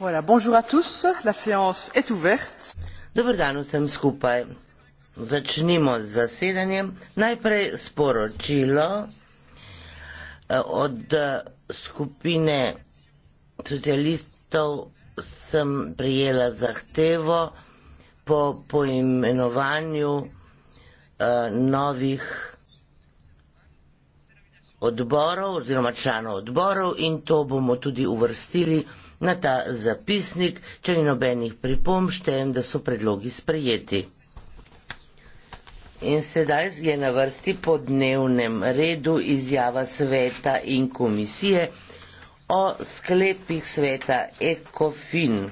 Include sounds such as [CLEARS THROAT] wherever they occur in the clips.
Voilà, bonjour à tous, la séance est ouverte. Dobar dan vsem skupaj. Začnimo z zasedanjem. Najprej sporočilo eh, od eh, skupine socialistov sem prijela zahtevo po poimenovanju uh, novih odborov oziroma članov odborov in to bomo tudi uvrstili na ta zapisnik, če ni nobenih pripomb, štejem, da so predlogi sprejeti. In sedaj je na vrsti po dnevnem redu izjava sveta in komisije o sklepih sveta ECOFIN.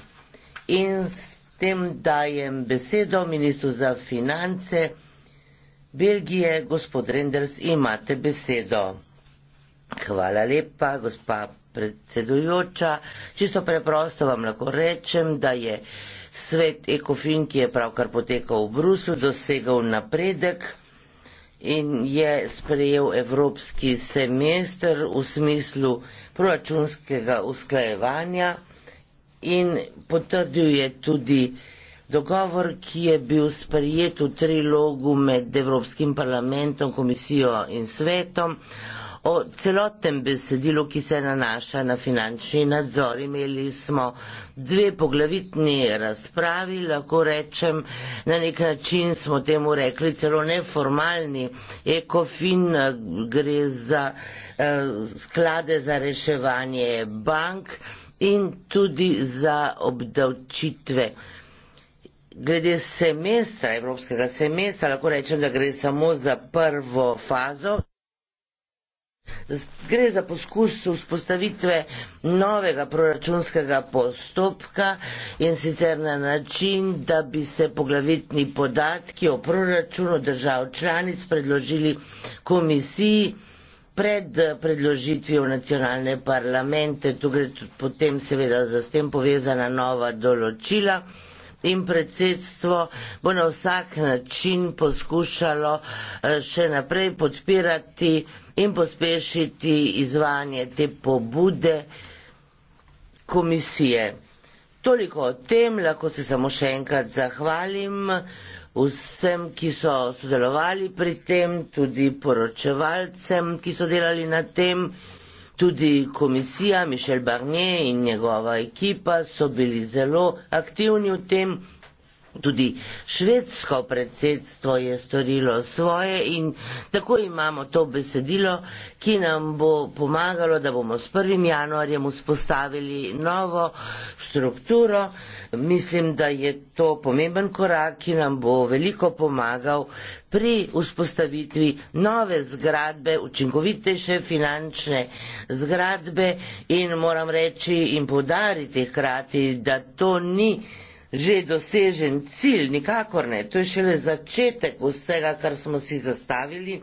In s tem dajem besedo ministru za finance Belgije, gospod Renders, imate besedo. Hvala lepa, gospa predsedujoča. Čisto preprosto vam lahko rečem, da je svet ECOFIN, ki je pravkar potekal v Bruslu, dosegal napredek in je sprejel evropski semester v smislu proračunskega usklajevanja in potrdil je tudi dogovor, ki je bil sprejet v trilogu med Evropskim parlamentom, komisijo in svetom O celotnem besedilu, ki se nanaša na finančni nadzor, imeli smo dve poglavitni razpravi, lahko rečem, na nek način smo temu rekli celo neformalni ekofin, eh, gre za eh, sklade za reševanje bank in tudi za obdavčitve. Glede semestra, evropskega semestra, lahko rečem, da gre samo za prvo fazo. Gre za poskus vzpostavitve novega proračunskega postopka in sicer na način, da bi se poglavitni podatki o proračunu držav članic predložili komisiji pred predložitvijo v nacionalne parlamente. Tu gre potem seveda za s tem povezana nova določila. In predsedstvo bo na vsak način poskušalo eh, še naprej podpirati in pospešiti izvajanje te pobude komisije. Toliko o tem, lahko se samo še enkrat zahvalim vsem, ki so sodelovali pri tem, tudi poročevalcem, ki so delali na tem, tudi komisija Mišel Barnier in njegova ekipa so bili zelo aktivni v tem. Tudi švedsko predsedstvo je storilo svoje in tako imamo to besedilo, ki nam bo pomagalo, da bomo s 1. januarjem vzpostavili novo strukturo. Mislim, da je to pomemben korak, ki nam bo veliko pomagal pri vzpostavitvi nove zgradbe, učinkovitejše finančne zgradbe in moram reči in podariti hkrati, da to ni že dosežen cilj, nikakor ne. To je šele začetek vsega, kar smo si zastavili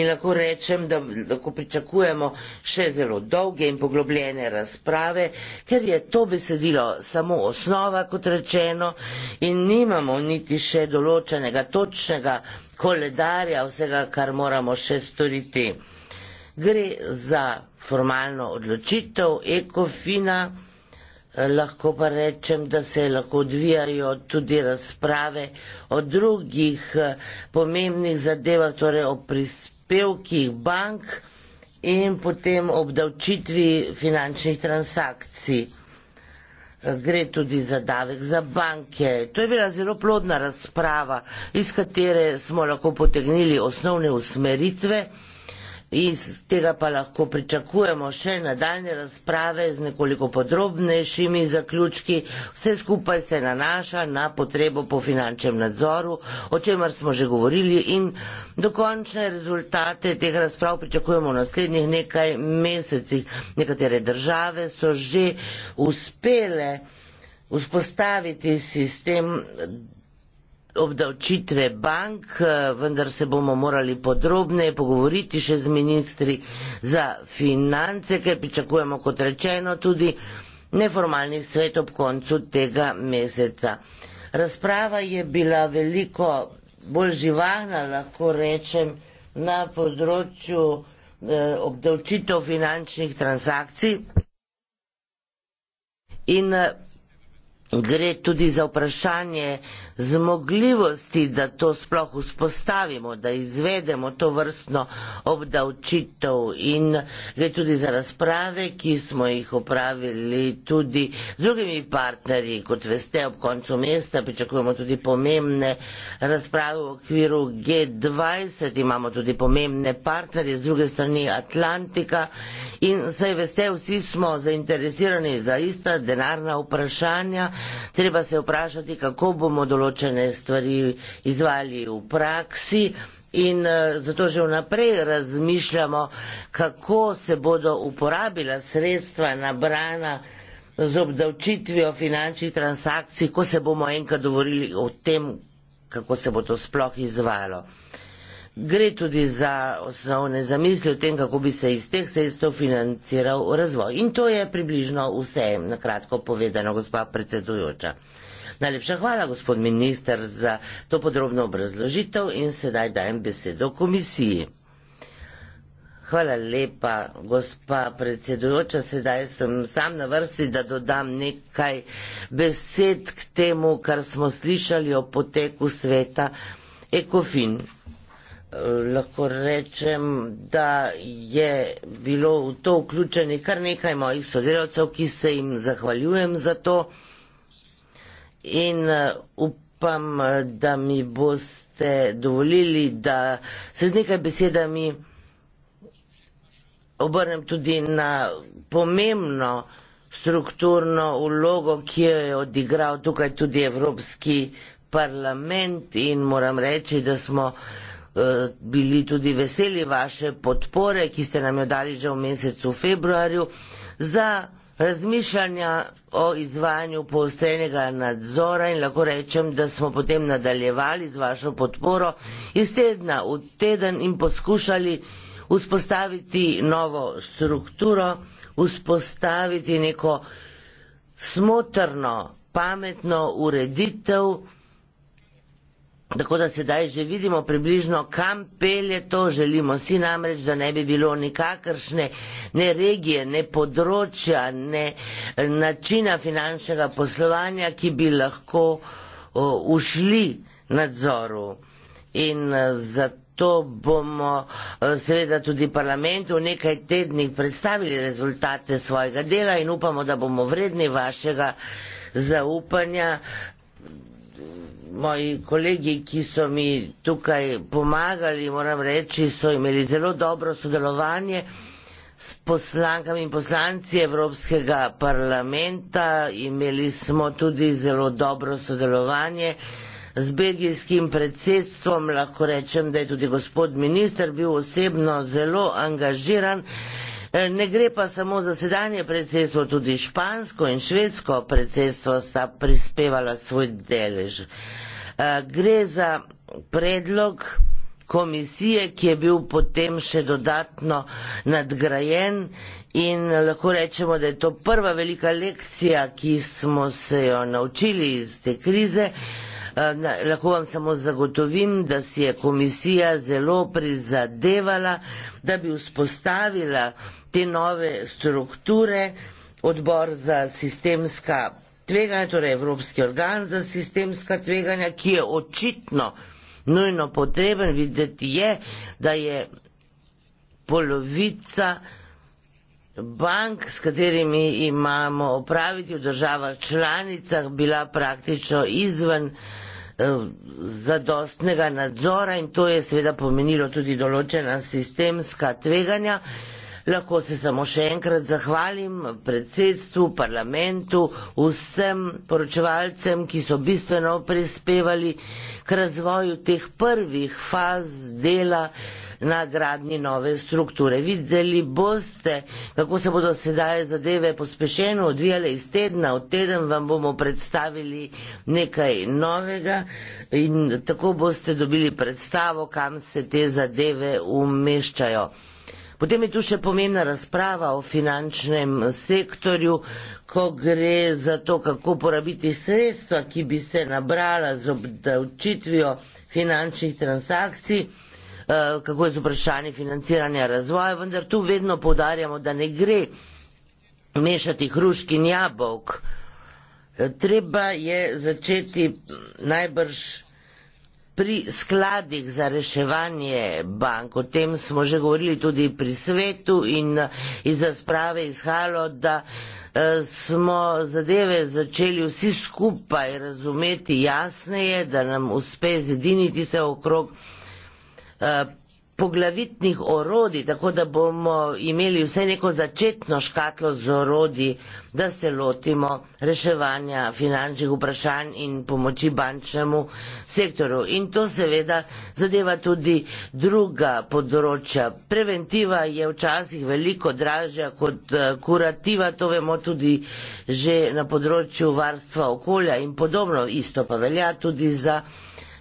in lahko rečem, da lahko pričakujemo še zelo dolge in poglobljene razprave, ker je to besedilo samo osnova, kot rečeno, in nimamo niti še določenega točnega koledarja vsega, kar moramo še storiti. Gre za formalno odločitev ekofina. Lahko pa rečem, da se lahko odvijajo tudi razprave o drugih eh, pomembnih zadevah, torej o prispevkih bank in potem obdavčitvi finančnih transakcij. Eh, gre tudi za davek za banke. To je bila zelo plodna razprava, iz katere smo lahko potegnili osnovne usmeritve iz tega pa lahko pričakujemo še nadaljne razprave z nekoliko podrobnejšimi zaključki. Vse skupaj se nanaša na potrebo po finančnem nadzoru, o čemer smo že govorili in dokončne rezultate teh razprav pričakujemo v naslednjih nekaj mesecih. Nekatere države so že uspele vzpostaviti sistem obdavčitve bank, eh, vendar se bomo morali podrobneje pogovoriti še z ministri za finance, ker pričakujemo, kot rečeno, tudi neformalni svet ob koncu tega meseca. Razprava je bila veliko bolj živahna, lahko rečem, na področju eh, obdavčitev finančnih transakcij. In eh, gre tudi za vprašanje zmogljivosti, da to sploh vzpostavimo, da izvedemo to vrstno obdavčitev in gre tudi za razprave, ki smo jih opravili tudi z drugimi partnerji. Kot veste, ob koncu mesta pričakujemo tudi pomembne razprave v okviru G20, imamo tudi pomembne partnerje z druge strani Atlantika in saj veste, vsi smo zainteresirani za ista denarna vprašanja, treba se vprašati, kako bomo določene stvari izvali v praksi. In eh, zato že vnaprej razmišljamo, kako se bodo uporabila sredstva nabrana z obdavčitvijo finančnih transakcij, ko se bomo enkrat dovorili o tem, kako se bo to sploh izvalo. Uh, Gre tudi za osnovne zamisli o tem, kako bi se iz teh sredstev financiral razvoj. In to je približno vse, na kratko povedano, gospa predsedujoča. Najlepša hvala, gospod minister, za to podrobno obrazložitev in sedaj dajem besedo komisiji. Hvala lepa, gospa predsedujoča. Sedaj sem sam na vrsti, da dodam nekaj besed k temu, kar smo slišali o poteku sveta. Ekofin, lahko rečem, da je bilo v to vključeni kar nekaj mojih sodelavcev, ki se jim zahvaljujem za to in uh, upam, da mi boste dovolili, da se z nekaj besedami obrnem tudi na pomembno strukturno ulogo, ki jo je odigral tukaj tudi Evropski parlament in moram reči, da smo Eh, bili tudi veseli vaše podpore, ki ste nam jo dali že v mesecu februarju, za razmišljanja o izvajanju poostrenega nadzora in lahko rečem, da smo potem nadaljevali z vašo podporo iz tedna v teden in poskušali vzpostaviti novo strukturo, vzpostaviti neko smotrno, pametno ureditev, Tako da sedaj že vidimo približno, kam pelje to. Želimo si namreč, da ne bi bilo nikakršne ne regije, ne področja, ne eh, načina finančnega poslovanja, ki bi lahko o, ušli nadzoru. In eh, zato bomo eh, seveda tudi parlamentu v nekaj tednih predstavili rezultate svojega dela in upamo, da bomo vredni vašega zaupanja moji kolegi, ki so mi tukaj pomagali, moram reči, so imeli zelo dobro sodelovanje s poslankami in poslanci Evropskega parlamenta. Imeli smo tudi zelo dobro sodelovanje z belgijskim predsedstvom. Lahko rečem, da je tudi gospod minister bil osebno zelo angažiran. Ne gre pa samo za sedanje predsedstvo, tudi špansko in švedsko predsedstvo sta prispevala svoj delež. Eh, gre za predlog komisije, ki je bil potem še dodatno nadgrajen in lahko rečemo, da je to prva velika lekcija, ki smo se jo naučili iz te krize. Eh, lahko vam samo zagotovim, da si je komisija zelo prizadevala, da bi vzpostavila te nove strukture, odbor za sistemska tvega je torej Evropski organ za sistemska tveganja, ki je očitno nujno potreben videti je, da je polovica bank, s katerimi imamo opraviti v državah članicah, bila praktično izven eh, zadostnega nadzora in to je seveda pomenilo tudi določena sistemska tveganja. Lahko se samo še enkrat zahvalim predsedstvu, parlamentu, vsem poročevalcem, ki so bistveno prispevali k razvoju teh prvih faz dela na gradni nove strukture. Videli boste, kako se bodo sedaj zadeve pospešeno odvijale iz tedna, od teden vam bomo predstavili nekaj novega in tako boste dobili predstavo, kam se te zadeve umeščajo. Potem je tu še pomembna razprava o finančnem sektorju, ko gre za to, kako porabiti sredstva, ki bi se nabrala z obdavčitvijo finančnih transakcij, eh, kako je z vprašanjem financiranja razvoja, vendar tu vedno povdarjamo, da ne gre mešati hruški in jabolk. Treba je začeti najbrž pri skladih za reševanje bank, o tem smo že govorili tudi pri svetu in eh, iz razprave izhalo, da eh, smo zadeve začeli vsi skupaj razumeti jasneje, da nam uspe zediniti se okrog eh, poglavitnih orodij, tako da bomo imeli vse neko začetno škatlo z orodji, da se lotimo reševanja finančnih vprašanj in pomoči bančnemu sektorju. In to seveda zadeva tudi druga področja. Preventiva je včasih veliko dražja kot eh, kurativa, to vemo tudi že na področju varstva okolja in podobno. Isto pa velja tudi za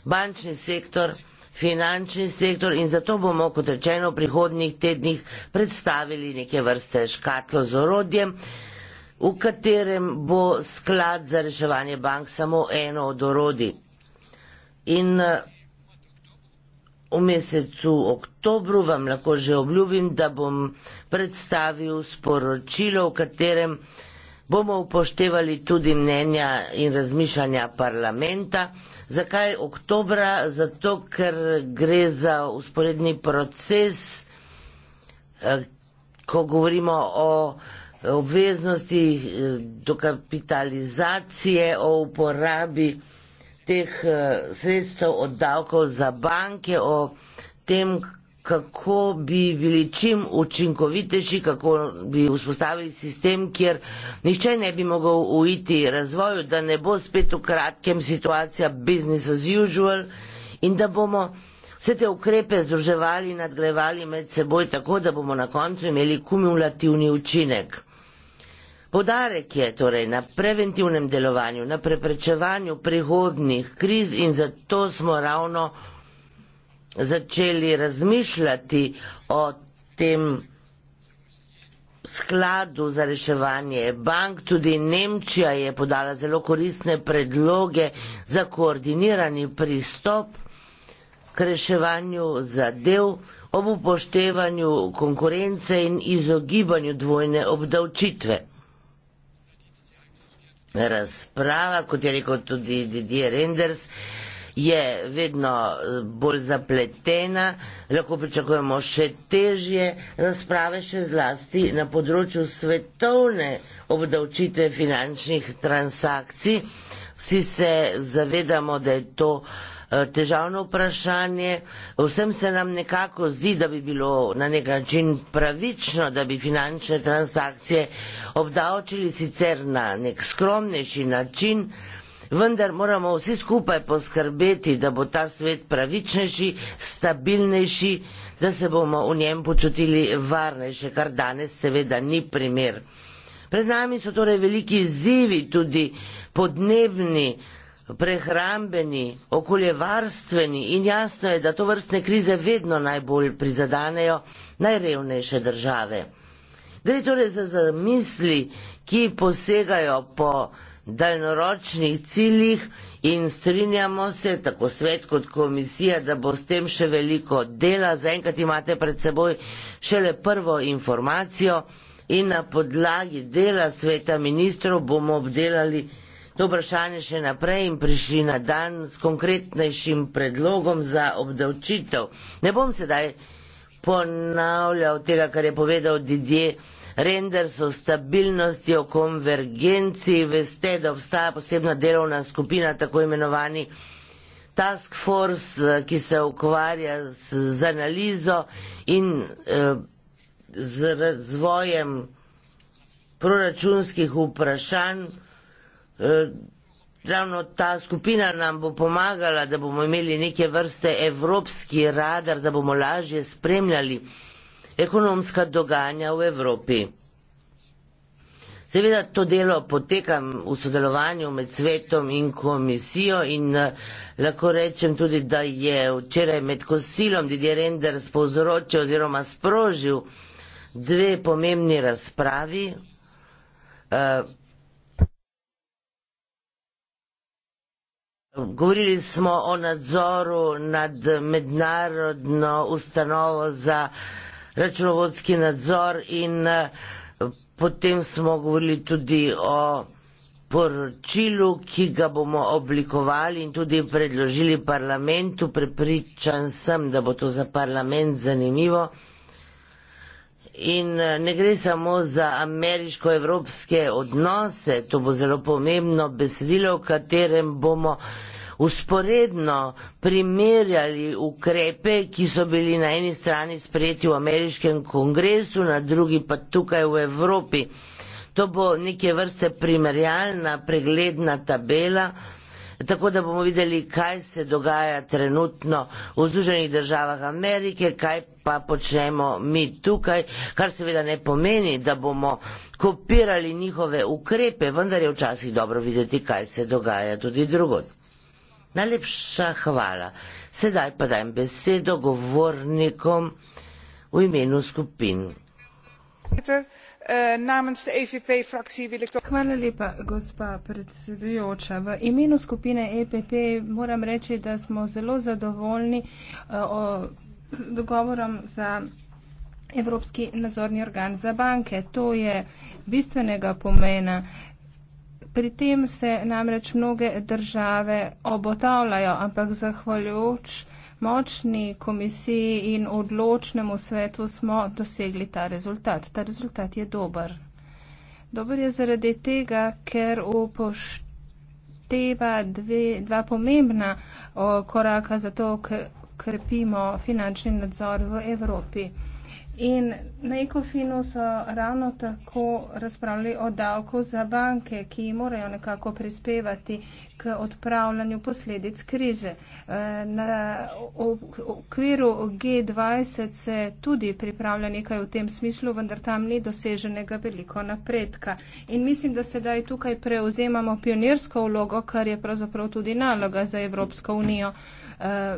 bančni sektor finančni sektor in zato bomo, kot rečeno, v prihodnih tednih predstavili neke vrste škatlo z orodjem, v katerem bo sklad za reševanje bank samo eno od orodij. In v mesecu oktobru vam lahko že obljubim, da bom predstavil sporočilo, v katerem bomo upoštevali tudi mnenja in razmišljanja parlamenta. Zakaj oktobra? Zato, ker gre za usporedni proces, eh, ko govorimo o obveznosti eh, dokapitalizacije, o uporabi teh eh, sredstev od davkov za banke, o tem, kako bi bili čim učinkovitejši, kako bi vzpostavili sistem, kjer nihče ne bi mogel uiti razvoju, da ne bo spet v kratkem situacija business as usual in da bomo vse te ukrepe združevali in nadgrevali med seboj tako, da bomo na koncu imeli kumulativni učinek. Podarek je torej na preventivnem delovanju, na preprečevanju prihodnih kriz in zato smo ravno začeli razmišljati o tem skladu za reševanje bank. Tudi Nemčija je podala zelo koristne predloge za koordinirani pristop k reševanju zadev ob upoštevanju konkurence in izogibanju dvojne obdavčitve. Razprava, kot je rekel tudi Didier Renders, je vedno eh, bolj zapletena, lahko pričakujemo še težje razprave, še zlasti na področju svetovne obdavčitve finančnih transakcij. Vsi se zavedamo, da je to eh, težavno vprašanje. Vsem se nam nekako zdi, da bi bilo na nek način pravično, da bi finančne transakcije obdavčili sicer na nek skromnejši način, Vendar moramo vsi skupaj poskrbeti, da bo ta svet pravičnejši, stabilnejši, da se bomo v njem počutili varnejše, kar danes seveda ni primer. Pred nami so torej veliki izzivi, tudi podnebni, prehrambeni, okoljevarstveni in jasno je, da to vrstne krize vedno najbolj prizadanejo najrevnejše države. Gre torej za zamisli, ki posegajo po daljnoročnih ciljih in strinjamo se, tako svet kot komisija, da bo s tem še veliko dela. Zaenkrat imate pred seboj šele prvo informacijo in na podlagi dela sveta ministrov bomo obdelali to vprašanje še naprej in prišli na dan s konkretnejšim predlogom za obdavčitev. Ne bom sedaj ponavljal tega, kar je povedal Didier render so stabilnosti o konvergenciji, veste, da obstaja posebna delovna skupina, tako imenovani task force, ki se ukvarja z, z analizo in eh, z razvojem proračunskih vprašanj. Eh, ravno ta skupina nam bo pomagala, da bomo imeli neke vrste evropski radar, da bomo lažje spremljali ekonomska dogajanja v Evropi. Seveda to delo poteka v sodelovanju med svetom in komisijo in eh, lahko rečem tudi, da je včeraj med kosilom Didier Render spozročil oziroma sprožil dve pomembni razpravi. Eh, govorili smo o nadzoru nad mednarodno ustanovo za računovodski nadzor in eh, potem smo govorili tudi o poročilu, ki ga bomo oblikovali in tudi predložili parlamentu. Prepričan sem, da bo to za parlament zanimivo. In eh, ne gre samo za ameriško-evropske odnose, to bo zelo pomembno besedilo, v katerem bomo usporedno primerjali ukrepe, ki so bili na eni strani sprejeti v ameriškem kongresu, na drugi pa tukaj v Evropi. To bo neke vrste primerjalna pregledna tabela, tako da bomo videli, kaj se dogaja trenutno v Združenih državah Amerike, kaj pa počnemo mi tukaj, kar seveda ne pomeni, da bomo kopirali njihove ukrepe, vendar je včasih dobro videti, kaj se dogaja tudi drugod. Najlepša hvala. Sedaj pa dajem besedo govornikom v imenu skupin. Eh, e hvala lepa, gospa predsedujoča. V imenu skupine EPP moram reči, da smo zelo zadovoljni eh, o dogovorom za Evropski nadzorni organ za banke. To je bistvenega pomena, Pri tem se namreč mnoge države obotavljajo, ampak zahvaljujoč močni komisiji in odločnemu svetu smo dosegli ta rezultat. Ta rezultat je dober. Dober je zaradi tega, ker upošteva dve, dva pomembna o, koraka za to, ker krepimo finančni nadzor v Evropi. In na ECOFIN-u so ravno tako razpravljali o davku za banke, ki morajo nekako prispevati k odpravljanju posledic krize. Eh, na okviru G20 se tudi pripravlja nekaj v tem smislu, vendar tam ni doseženega veliko napredka. In mislim, da sedaj tukaj prevzemamo pionirsko vlogo, kar je pravzaprav tudi naloga za Evropsko unijo. Eh,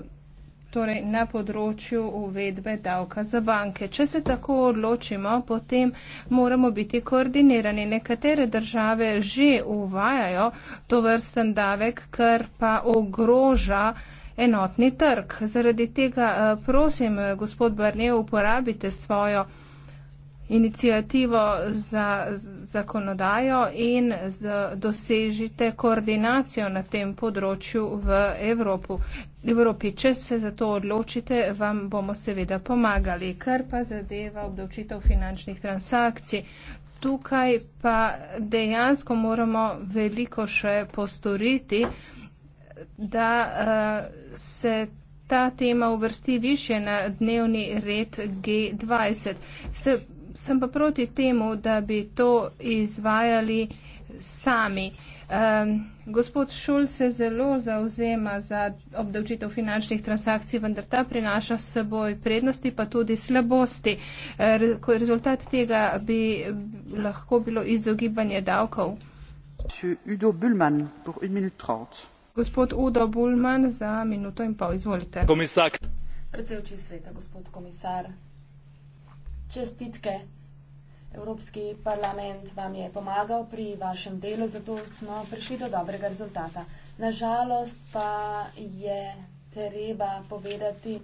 torej na področju uvedbe davka za banke. Če se tako odločimo, potem moramo biti koordinirani. Nekatere države že uvajajo to vrsten davek, kar pa ogroža enotni trg. Zaradi tega eh, prosim, eh, gospod Barnev, uporabite svojo inicijativo za zakonodajo in dosežite koordinacijo na tem področju v Evropu. Evropi. Če se za to odločite, vam bomo seveda pomagali, kar pa zadeva obdavčitev finančnih transakcij. Tukaj pa dejansko moramo veliko še postoriti, da eh, se ta tema uvrsti više na dnevni red G20. Se, sem pa proti temu, da bi to izvajali sami. Um, gospod Šul se zelo zauzema za obdavčitev finančnih transakcij, vendar ta prinaša s seboj prednosti, pa tudi slabosti. Re, rezultat tega bi lahko bilo izogibanje davkov. Gospod Udo Bulman za minuto in pol, izvolite. Komisar. Predsedujoči sveta, gospod komisar. Čestitke Evropski parlament vam je pomagal pri vašem delu, zato smo prišli do dobrega rezultata. Nažalost pa je treba povedati,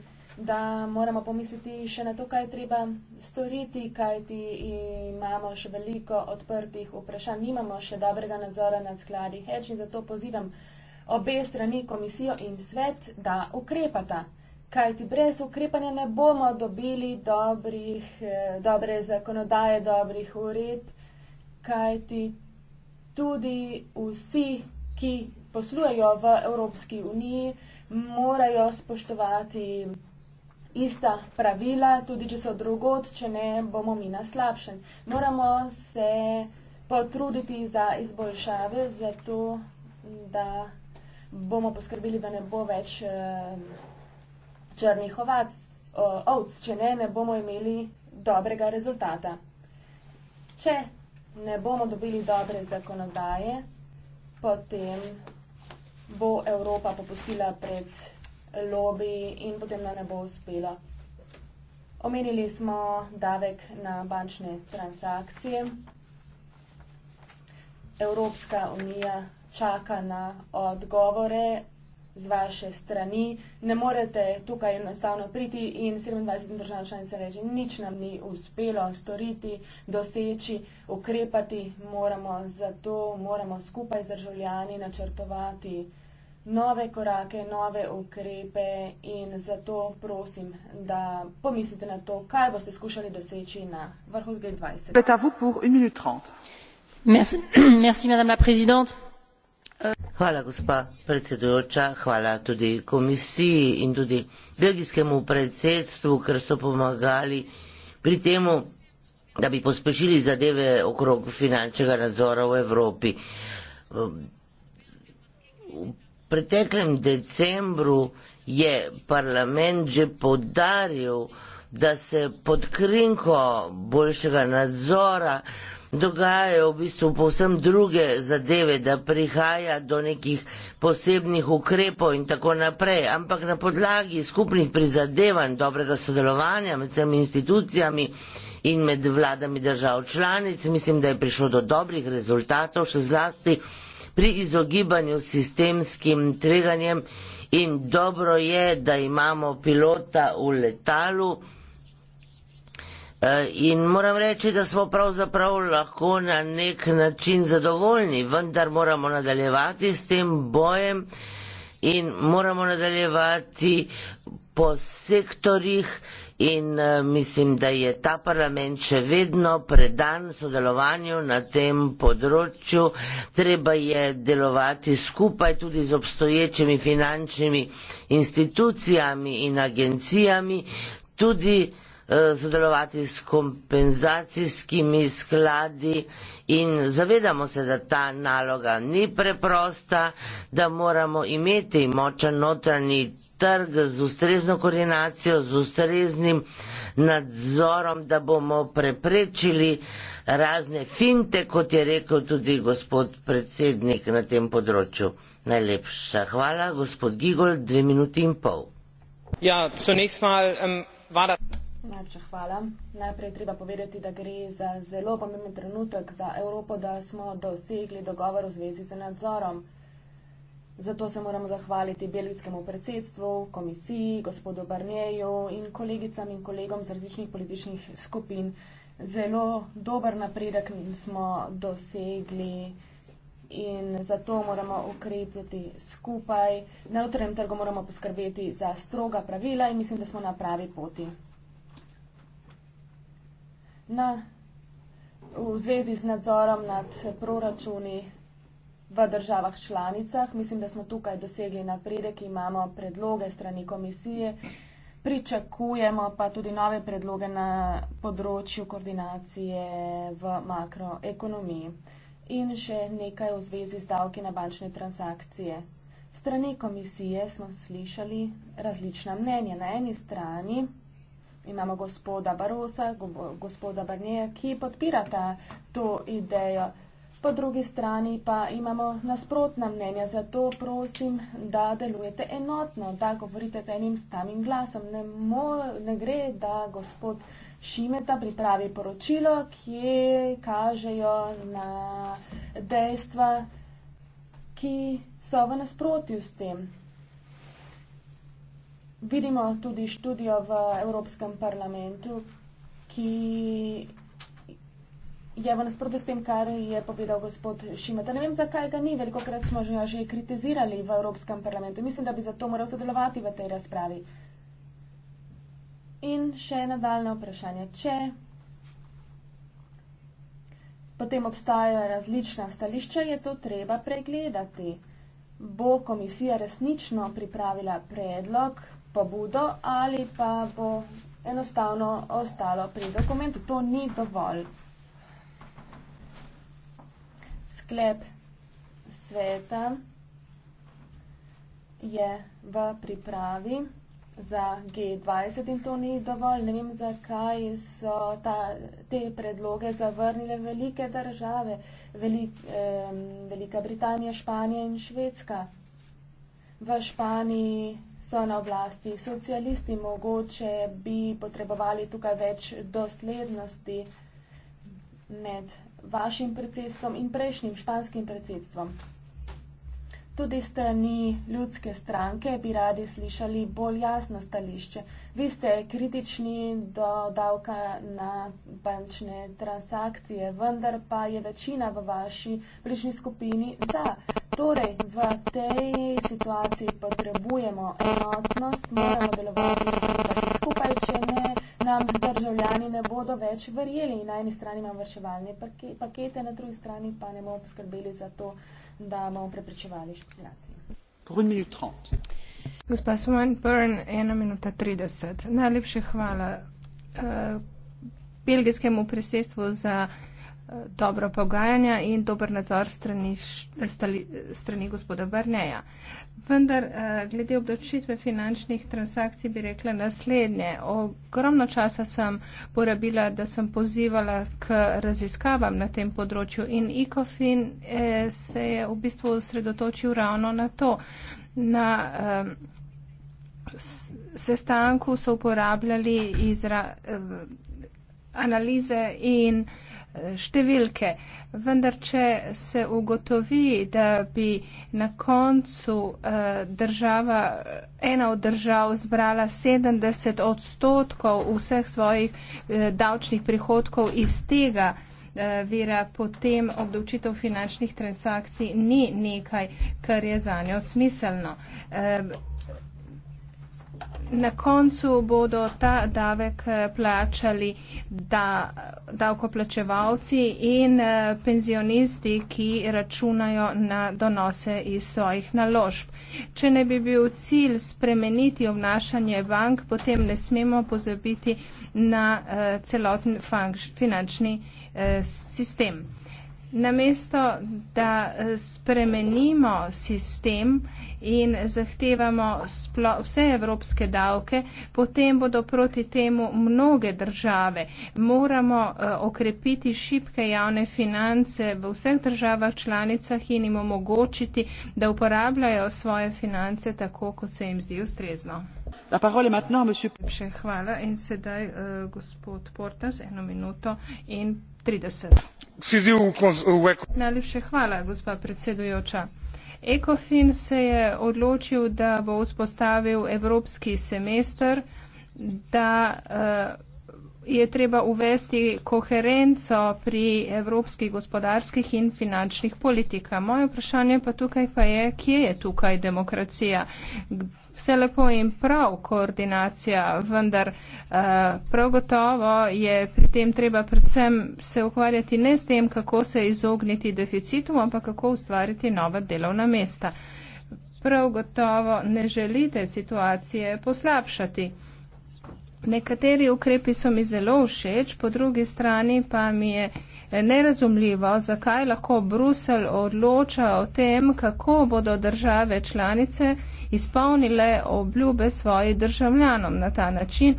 da moramo pomisliti še na to, kaj treba storiti, kajti imamo še veliko odprtih vprašanj, nimamo še dobrega nadzora nad skladi Heč in zato pozivam obe strani, komisijo in svet, da ukrepata. Kajti brez ukrepanja ne bomo dobili dobrih, eh, dobre zakonodaje, dobrih ureb, kajti tudi vsi, ki poslujejo v Evropski uniji, morajo spoštovati ista pravila, tudi če so drugod, če ne bomo mi na slabšem. Moramo se potruditi za izboljšave, zato da bomo poskrbeli, da ne bo več. Eh, črnih ovac, uh, ovc, če ne, ne bomo imeli dobrega rezultata. Če ne bomo dobili dobre zakonodaje, potem bo Evropa popustila pred lobby in potem nam ne bo uspelo. Omenili smo davek na bančne transakcije. Evropska unija čaka na odgovore z vaše strani, ne morete tukaj enostavno priti in 27 državam članice reči, nič nam ni uspelo storiti, doseči, ukrepati, moramo zato, moramo skupaj z državljani načrtovati nove korake, nove ukrepe in zato prosim, da pomislite na to, kaj boste skušali doseči na vrhu G20. Merci, [CLEARS THROAT] merci, madame la présidente. Hvala, gospa predsedujoča. Hvala tudi komisiji in tudi belgijskemu predsedstvu, ker so pomagali pri temu, da bi pospešili zadeve okrog finančnega nadzora v Evropi. V preteklem decembru je parlament že podaril, da se pod krinko boljšega nadzora dogajajo v bistvu povsem druge zadeve, da prihaja do nekih posebnih ukrepov in tako naprej, ampak na podlagi skupnih prizadevanj, dobrega sodelovanja med vsemi institucijami in med vladami držav članic, mislim, da je prišlo do dobrih rezultatov, še zlasti pri izogibanju sistemskim tveganjem in dobro je, da imamo pilota v letalu, Eh, in moram reči, da smo pravzaprav lahko na nek način zadovoljni, vendar moramo nadaljevati s tem bojem in moramo nadaljevati po sektorjih. In eh, mislim, da je ta parlament še vedno predan sodelovanju na tem področju. Treba je delovati skupaj tudi z obstoječimi finančnimi institucijami in agencijami, tudi Eh, sodelovati s kompenzacijskimi skladi in zavedamo se, da ta naloga ni preprosta, da moramo imeti močan notranji trg z ustrezno koordinacijo, z ustreznim nadzorom, da bomo preprečili razne finte, kot je rekel tudi gospod predsednik na tem področju. Najlepša hvala, gospod Gigol, dve minuti in pol. Ja, zunächst mal, ähm, war das. Najlepša hvala. Najprej treba povedati, da gre za zelo pomemben trenutek za Evropo, da smo dosegli dogovor v zvezi z nadzorom. Zato se moramo zahvaliti belgijskemu predsedstvu, komisiji, gospodu Barnieju in kolegicam in kolegom z različnih političnih skupin. Zelo dober napredek smo dosegli in zato moramo ukrepiti skupaj. Na notranjem trgu moramo poskrbeti za stroga pravila in mislim, da smo na pravi poti na, v zvezi z nadzorom nad proračuni v državah članicah. Mislim, da smo tukaj dosegli napredek, imamo predloge strani komisije, pričakujemo pa tudi nove predloge na področju koordinacije v makroekonomiji. In še nekaj v zvezi z davki na bančne transakcije. Strani komisije smo slišali različna mnenja. Na eni strani imamo gospoda Barosa, gospoda Barneja, ki podpirata to idejo. Po drugi strani pa imamo nasprotna mnenja, zato prosim, da delujete enotno, da govorite z enim stamim glasom. Ne, mo, ne gre, da gospod Šimeta pripravi poročilo, ki kažejo na dejstva, ki so v nasprotju s tem vidimo tudi študijo v Evropskem parlamentu, ki je v nasprotju s tem, kar je povedal gospod Šimata. Ne vem, zakaj ga ni. Veliko krat smo že, že kritizirali v Evropskem parlamentu. Mislim, da bi zato moral sodelovati v tej razpravi. In še nadaljne vprašanje. Če potem obstajajo različna stališča, je to treba pregledati. Bo komisija resnično pripravila predlog pobudo ali pa bo enostavno ostalo pri dokumentu. To ni dovolj. Sklep sveta je v pripravi za G20 in to ni dovolj. Ne vem, zakaj so ta, te predloge zavrnile velike države, velik, eh, Velika Britanija, Španija in Švedska. V Španiji so na oblasti. Socialisti mogoče bi potrebovali tukaj več doslednosti med vašim predsedstvom in prejšnjim španskim predsedstvom. Tudi strani ljudske stranke bi radi slišali bolj jasno stališče. Vi ste kritični do davka na bančne transakcije, vendar pa je večina v vaši bližnji skupini za. Torej, v tej situaciji potrebujemo enotnost, moramo delovati skupaj, če ne, nam državljani ne bodo več verjeli. Na eni strani imamo vrševalne pakete, na drugi strani pa ne bomo poskrbeli za to da bomo preprečevali špekulacije. Gospa Swinburn, ena minuta trideset. Najlepše hvala uh, belgijskemu predsedstvu za dobra pogajanja in dober nadzor strani, stali, strani gospoda Brneja. Vendar, eh, glede obdočitve finančnih transakcij bi rekla naslednje. Ogromno časa sem porabila, da sem pozivala k raziskavam na tem področju in ICOFIN eh, se je v bistvu osredotočil ravno na to. Na eh, sestanku so uporabljali izra, analize in številke. Vendar, če se ugotovi, da bi na koncu eh, država, ena od držav zbrala 70 odstotkov vseh svojih eh, davčnih prihodkov iz tega eh, vira, potem obdavčitev finančnih transakcij ni nekaj, kar je za njo smiselno na koncu bodo ta davek eh, plačali da, davkoplačevalci in eh, penzionisti, ki računajo na donose iz svojih naložb. Če ne bi bil cilj spremeniti obnašanje bank, potem ne smemo pozabiti na eh, celoten finančni sistem. Namesto, da spremenimo sistem in zahtevamo splo, vse evropske davke, potem bodo proti temu mnoge države. Moramo uh, okrepiti šibke javne finance v vseh državah članicah in jim omogočiti, da uporabljajo svoje finance tako, kot se jim zdi ustrezno. Monsieur... Hvala in sedaj uh, gospod Portas, eno minuto in 2030. ECOFIN se je odločil, da bo vzpostavil evropski semester, da uh, je treba uvesti koherenco pri evropskih gospodarskih in finančnih politikah. Moje vprašanje pa tukaj pa je, kje je tukaj demokracija? Vse lepo in prav koordinacija, vendar eh, prav gotovo je pri tem treba predvsem se ukvarjati ne s tem, kako se izogniti deficitu, ampak kako ustvariti nova delovna mesta. Prav gotovo ne želite situacije poslabšati. Nekateri ukrepi so mi zelo všeč, po drugi strani pa mi je nerazumljivo, zakaj lahko Brusel odloča o tem, kako bodo države članice izpolnile obljube svojih državljanom. Na ta način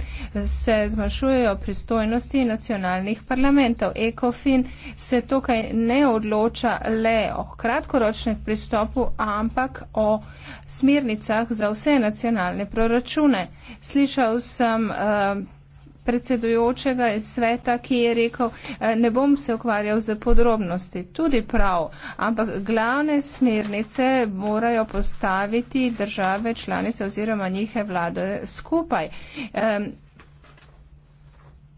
se zmanjšujejo pristojnosti nacionalnih parlamentov. ECOFIN se tukaj ne odloča le o kratkoročnem pristopu, ampak o smernicah za vse nacionalne proračune. Slišal sem. Uh, predsedujočega iz sveta, ki je rekel, eh, ne bom se ukvarjal z podrobnosti, tudi prav, ampak glavne smernice morajo postaviti države članice oziroma njihe vlade skupaj.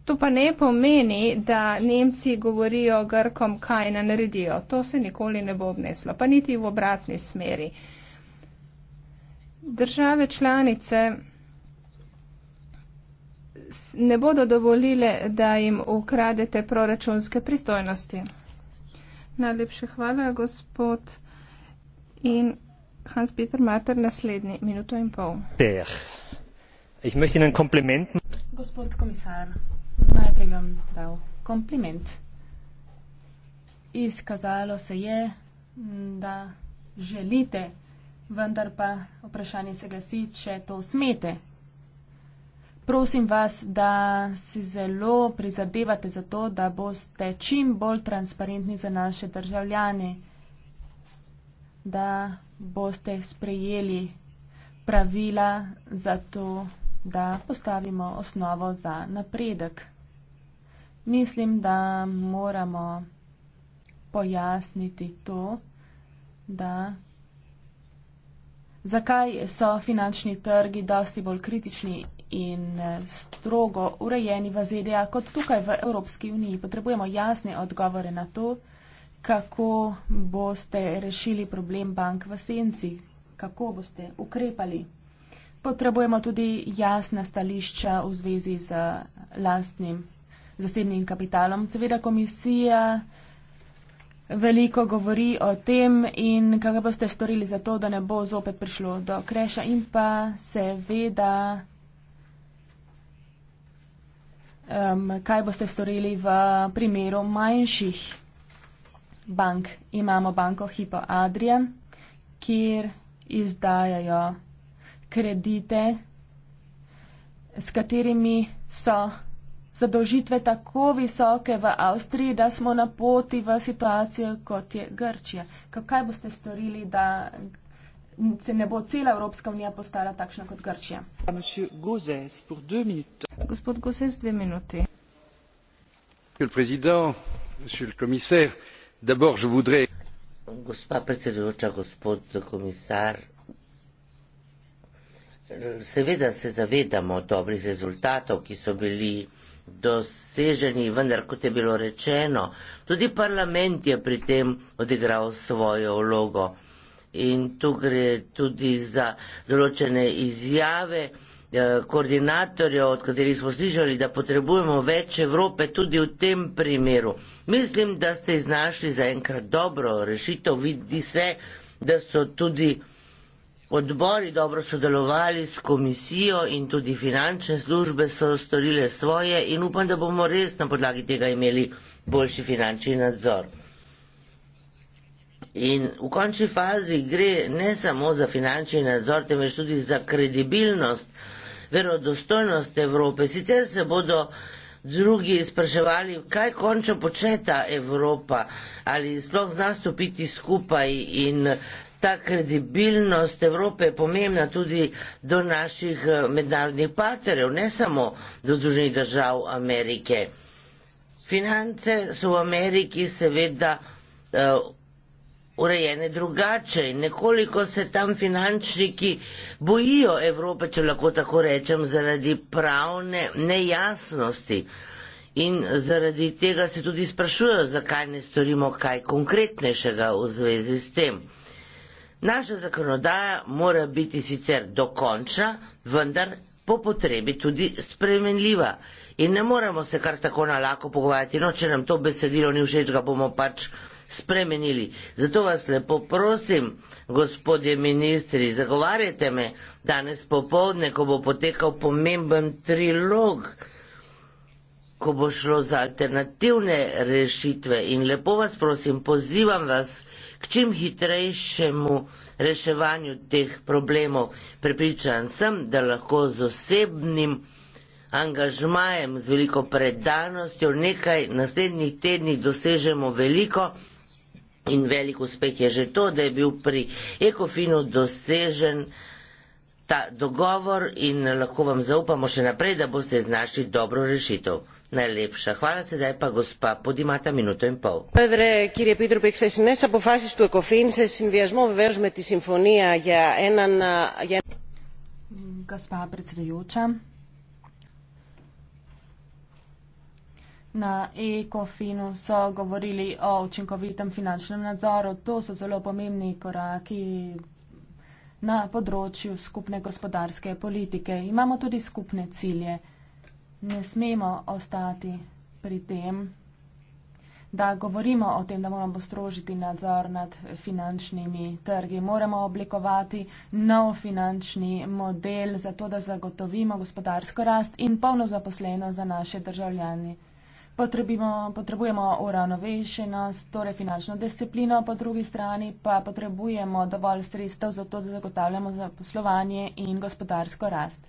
To pa ne pomeni, da Nemci govorijo Grkom, kaj ne naredijo. To se nikoli ne bo obneslo, pa niti v obratni smeri. Države članice ne bodo dovolile, da jim ukradete proračunske pristojnosti. Najlepše hvala, gospod in Hans-Peter Mater, naslednji minuto in pol. Teh. Ich möchte Ihnen komplimenten. Gospod komisar, najprej vam dal kompliment. Izkazalo se je, da želite, vendar pa vprašanje se glasi, če to smete prosim vas, da si zelo prizadevate za to, da boste čim bolj transparentni za naše državljane, da boste sprejeli pravila za to, da postavimo osnovo za napredek. Mislim, da moramo pojasniti to, da zakaj so finančni trgi dosti bolj kritični in eh, strogo urejeni v ZDA, kot tukaj v Evropski uniji. Potrebujemo jasne odgovore na to, kako boste rešili problem bank v senci, kako boste ukrepali. Potrebujemo tudi jasna stališča v zvezi z eh, lastnim zasebnim kapitalom. Seveda komisija veliko govori o tem in kako boste storili za to, da ne bo zopet prišlo do kreša in pa seveda um, kaj boste storili v primeru manjših bank. Imamo banko Hipo Adria, kjer izdajajo kredite, s katerimi so zadolžitve tako visoke v Avstriji, da smo na poti v situacijo, kot je Grčija. Kaj boste storili, da se ne bo cela Evropska unija postala takšna kot Grčija. Gospod Gozes, dve minuti. Monsieur le Président, Monsieur le Commissaire, d'abord je voudrais. Gospa predsedujoča, gospod komisar, seveda se zavedamo dobrih rezultatov, ki so bili doseženi, vendar kot je bilo rečeno, tudi parlament je pri tem odigral svojo vlogo in tu gre tudi za določene izjave eh, koordinatorjev, od katerih smo slišali, da potrebujemo več Evrope tudi v tem primeru. Mislim, da ste iznašli zaenkrat dobro rešitev, vidi se, da so tudi odbori dobro sodelovali s komisijo in tudi finančne službe so storile svoje in upam, da bomo res na podlagi tega imeli boljši finančni nadzor. In v končni fazi gre ne samo za finančni nadzor, temveč tudi za kredibilnost, verodostojnost Evrope. Sicer se bodo drugi spraševali, kaj končno počne ta Evropa, ali sploh zna stopiti skupaj in ta kredibilnost Evrope je pomembna tudi do naših eh, mednarodnih partnerjev, ne samo do Združenih držav Amerike. Finance so v Ameriki seveda uh, urejene drugače in nekoliko se tam finančniki bojijo Evrope, če lahko tako rečem, zaradi pravne nejasnosti. In zaradi tega se tudi sprašujejo, zakaj ne storimo kaj konkretnejšega v zvezi s tem. Naša zakonodaja mora biti sicer dokončna, vendar po potrebi tudi spremenljiva. In ne moremo se kar tako na lako pogovarjati, no, če nam to besedilo ni všeč, ga bomo pač spremenili. Zato vas lepo prosim, gospodje ministri, zagovarjajte me danes popovdne, ko bo potekal pomemben trilog, ko bo šlo za alternativne rešitve. In lepo vas prosim, pozivam vas k čim hitrejšemu reševanju teh problemov. Prepričan sem, da lahko z osebnim angažmajem, z veliko predanostjo, nekaj naslednjih tednih dosežemo veliko. In velik uspeh je že to, da je bil pri Ekofinu dosežen ta dogovor in lahko vam zaupamo še naprej, da boste iznašli dobro rešitev. Najlepša. Hvala sedaj pa gospa, podimata minuto in pol. Pedre, kirje Pitru, pri hresine se pofasi tu Ekofin, se sindiazmo vežmeti simfonija je ja, ena na... Ja. Gospa predsedujoča, na ECOFIN-u so govorili o učinkovitem finančnem nadzoru. To so zelo pomembni koraki na področju skupne gospodarske politike. Imamo tudi skupne cilje. Ne smemo ostati pri tem, da govorimo o tem, da moramo strožiti nadzor nad finančnimi trgi. Moramo oblikovati nov finančni model za to, da zagotovimo gospodarsko rast in polno zaposleno za naše državljani potrebimo, potrebujemo uravnovešenost, torej finančno disciplino, po drugi strani pa potrebujemo dovolj sredstev za to, da zagotavljamo zaposlovanje in gospodarsko rast.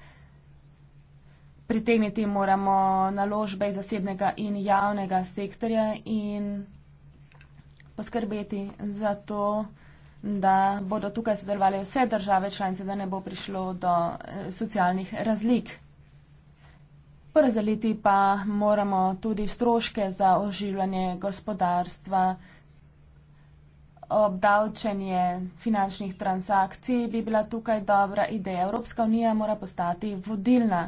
Pritegniti moramo naložbe iz zasebnega in javnega sektorja in poskrbeti za to, da bodo tukaj sodelovali vse države članice, da ne bo prišlo do eh, socialnih razlik. Porazdeliti pa moramo tudi stroške za oživljanje gospodarstva. Obdavčenje finančnih transakcij bi bila tukaj dobra ideja. Evropska unija mora postati vodilna.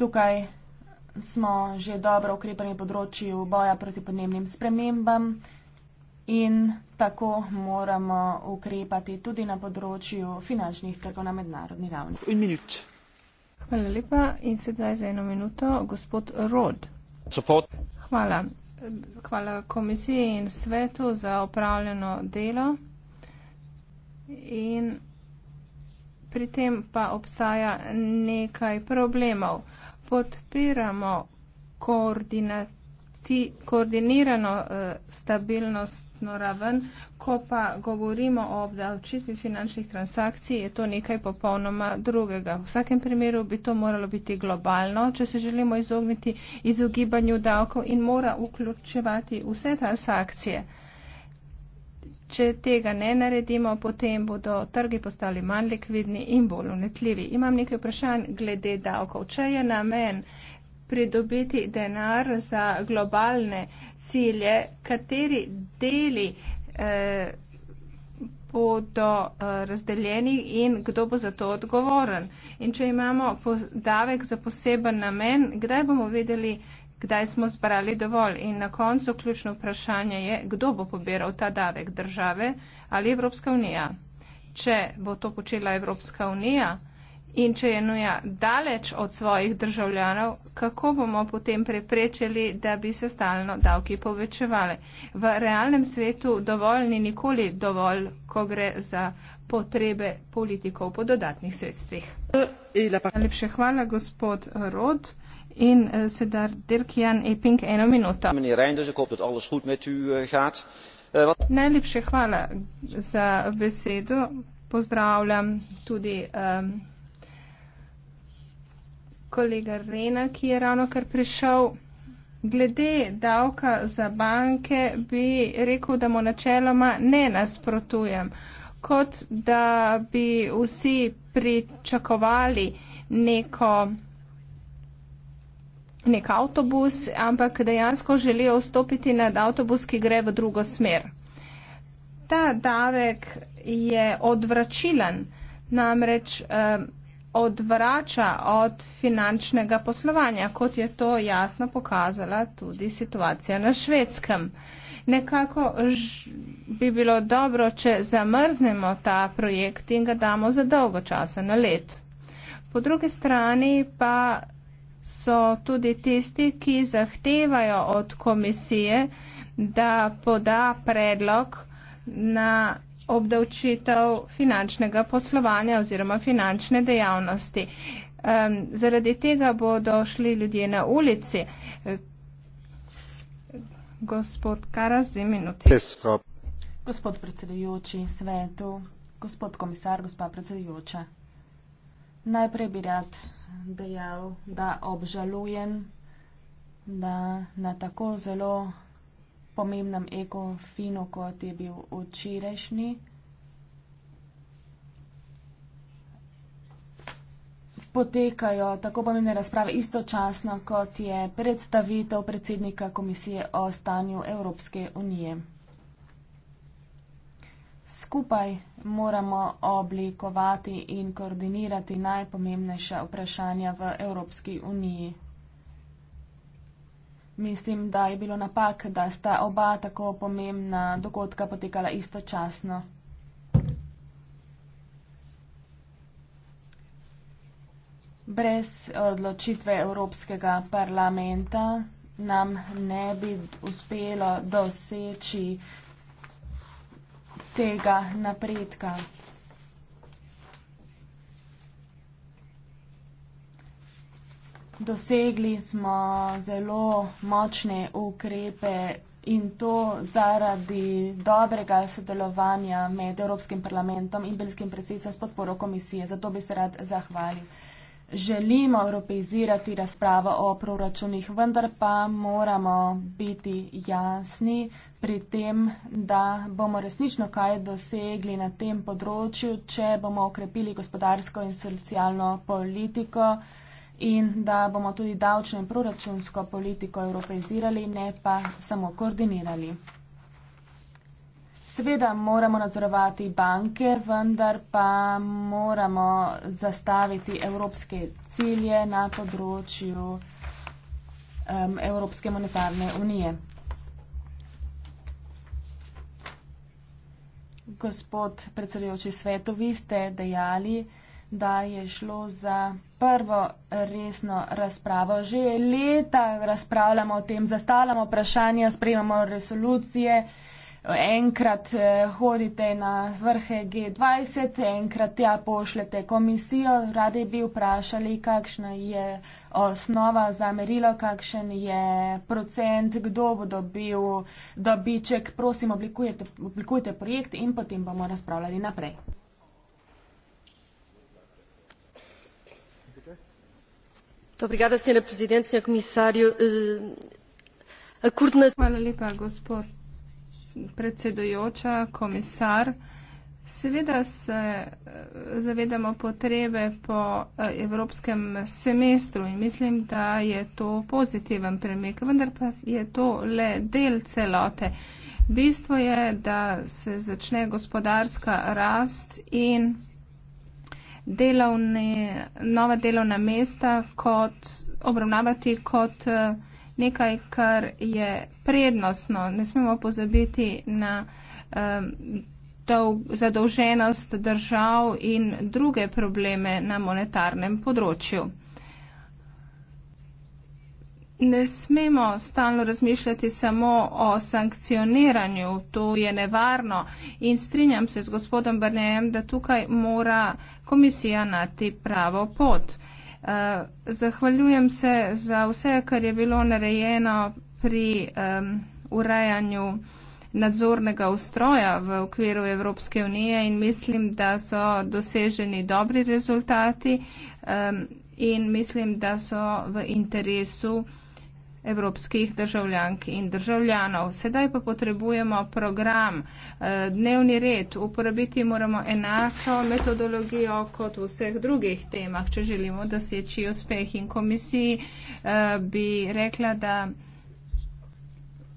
Tukaj smo že dobro ukrepani področju boja proti podnebnim spremembam in tako moramo ukrepati tudi na področju finančnih trgov na mednarodni ravni. Minut. Hvala lepa in sedaj za eno minuto gospod Rod. Support. Hvala. Hvala komisiji in svetu za opravljeno delo. In pri tem pa obstaja nekaj problemov. Podpiramo koordinat ti koordinirano eh, stabilnostno raven, ko pa govorimo o obdavčitvi finančnih transakcij, je to nekaj popolnoma drugega. V vsakem primeru bi to moralo biti globalno, če se želimo izogniti izogibanju davkov in mora vključevati vse transakcije. Če tega ne naredimo, potem bodo trgi postali manj likvidni in bolj unetljivi. Imam nekaj vprašanj glede davkov. Če je namen pridobiti denar za globalne cilje, kateri deli eh, bodo eh, razdeljeni in kdo bo za to odgovoren. In če imamo davek za poseben namen, kdaj bomo videli, kdaj smo zbrali dovolj. In na koncu ključno vprašanje je, kdo bo pobiral ta davek, države ali Evropska unija. Če bo to počela Evropska unija, In če je nuja daleč od svojih državljanov, kako bomo potem preprečili, da bi se stalno davki povečevali? V realnem svetu dovolj ni nikoli dovolj, ko gre za potrebe politikov po dodatnih sredstvih. Najlepše hvala, gospod Rod. In uh, eh, sedaj Dirkjan Eping, eno minuto. Meneer Reinders, ik hoop dat alles goed met u uh, gaat. Uh, wat... Najlepše hvala za besedo. Pozdravljam tudi. Um, kolega Rena, ki je ravno kar prišel. Glede davka za banke bi rekel, da mu načeloma ne nasprotujem, kot da bi vsi pričakovali neko, nek avtobus, ampak dejansko želijo vstopiti nad avtobus, ki gre v drugo smer. Ta davek je odvračilen, namreč. Eh, odvrača od finančnega poslovanja, kot je to jasno pokazala tudi situacija na švedskem. Nekako bi bilo dobro, če zamrznemo ta projekt in ga damo za dolgo časa na let. Po drugi strani pa so tudi tisti, ki zahtevajo od komisije, da poda predlog na obdavčitev finančnega poslovanja oziroma finančne dejavnosti. Um, zaradi tega bodo šli ljudje na ulici. Gospod Karas, dve minuti. Gospod predsedujoči svetu, gospod komisar, gospa predsedujoča. Najprej bi rad dejal, da obžalujem, da na tako zelo pomembnem ekofinu, kot je bil včerajšnji. Potekajo tako pomembne razprave istočasno, kot je predstavitev predsednika komisije o stanju Evropske unije. Skupaj moramo oblikovati in koordinirati najpomembnejša vprašanja v Evropski uniji. Mislim, da je bilo napak, da sta oba tako pomembna dogodka potekala istočasno. Brez odločitve Evropskega parlamenta nam ne bi uspelo doseči tega napredka. dosegli smo zelo močne ukrepe in to zaradi dobrega sodelovanja med Evropskim parlamentom in belskim predsedstvom s podporo komisije. Zato bi se rad zahvalil. Želimo evropeizirati razpravo o proračunih, vendar pa moramo biti jasni pri tem, da bomo resnično kaj dosegli na tem področju, če bomo okrepili gospodarsko in socialno politiko in da bomo tudi davčno in proračunsko politiko evropezirali, ne pa samo koordinirali. Seveda moramo nadzorovati banke, vendar pa moramo zastaviti evropske cilje na področju um, Evropske monetarne unije. Gospod predsedujoči svetu, vi ste dejali, da je šlo za prvo resno razpravo. Že leta razpravljamo o tem, zastavljamo vprašanja, sprejemamo resolucije. Enkrat eh, hodite na vrhe G20, enkrat tja pošljete komisijo, radi bi vprašali, kakšna je osnova za merilo, kakšen je procent, kdo bo dobil dobiček. Prosim, oblikujte, oblikujte projekt in potem bomo razpravljali naprej. Eh, gospod predsednik predsedujoča komisar seveda se eh, zavedamo potrebe po eh, evropskem semestru in mislim da je to pozitiven premik vendar pa je to le del celote bistvo je da se začne gospodarska rast in delovne, nova delovna mesta kot, obravnavati kot eh, nekaj, kar je prednostno. Ne smemo pozabiti na um, dolg, zadolženost držav in druge probleme na monetarnem področju ne smemo stalno razmišljati samo o sankcioniranju, to je nevarno in strinjam se z gospodom Brnejem, da tukaj mora komisija nati pravo pot. Eh, zahvaljujem se za vse, kar je bilo narejeno pri um, urajanju nadzornega ustroja v okviru Evropske unije in mislim, da so doseženi dobri rezultati um, in mislim, da so v interesu uh, evropskih državljank in državljanov. Sedaj pa potrebujemo program, eh, dnevni red, uporabiti moramo enako metodologijo kot v vseh drugih temah, če želimo doseči uspeh. In komisiji eh, bi rekla, da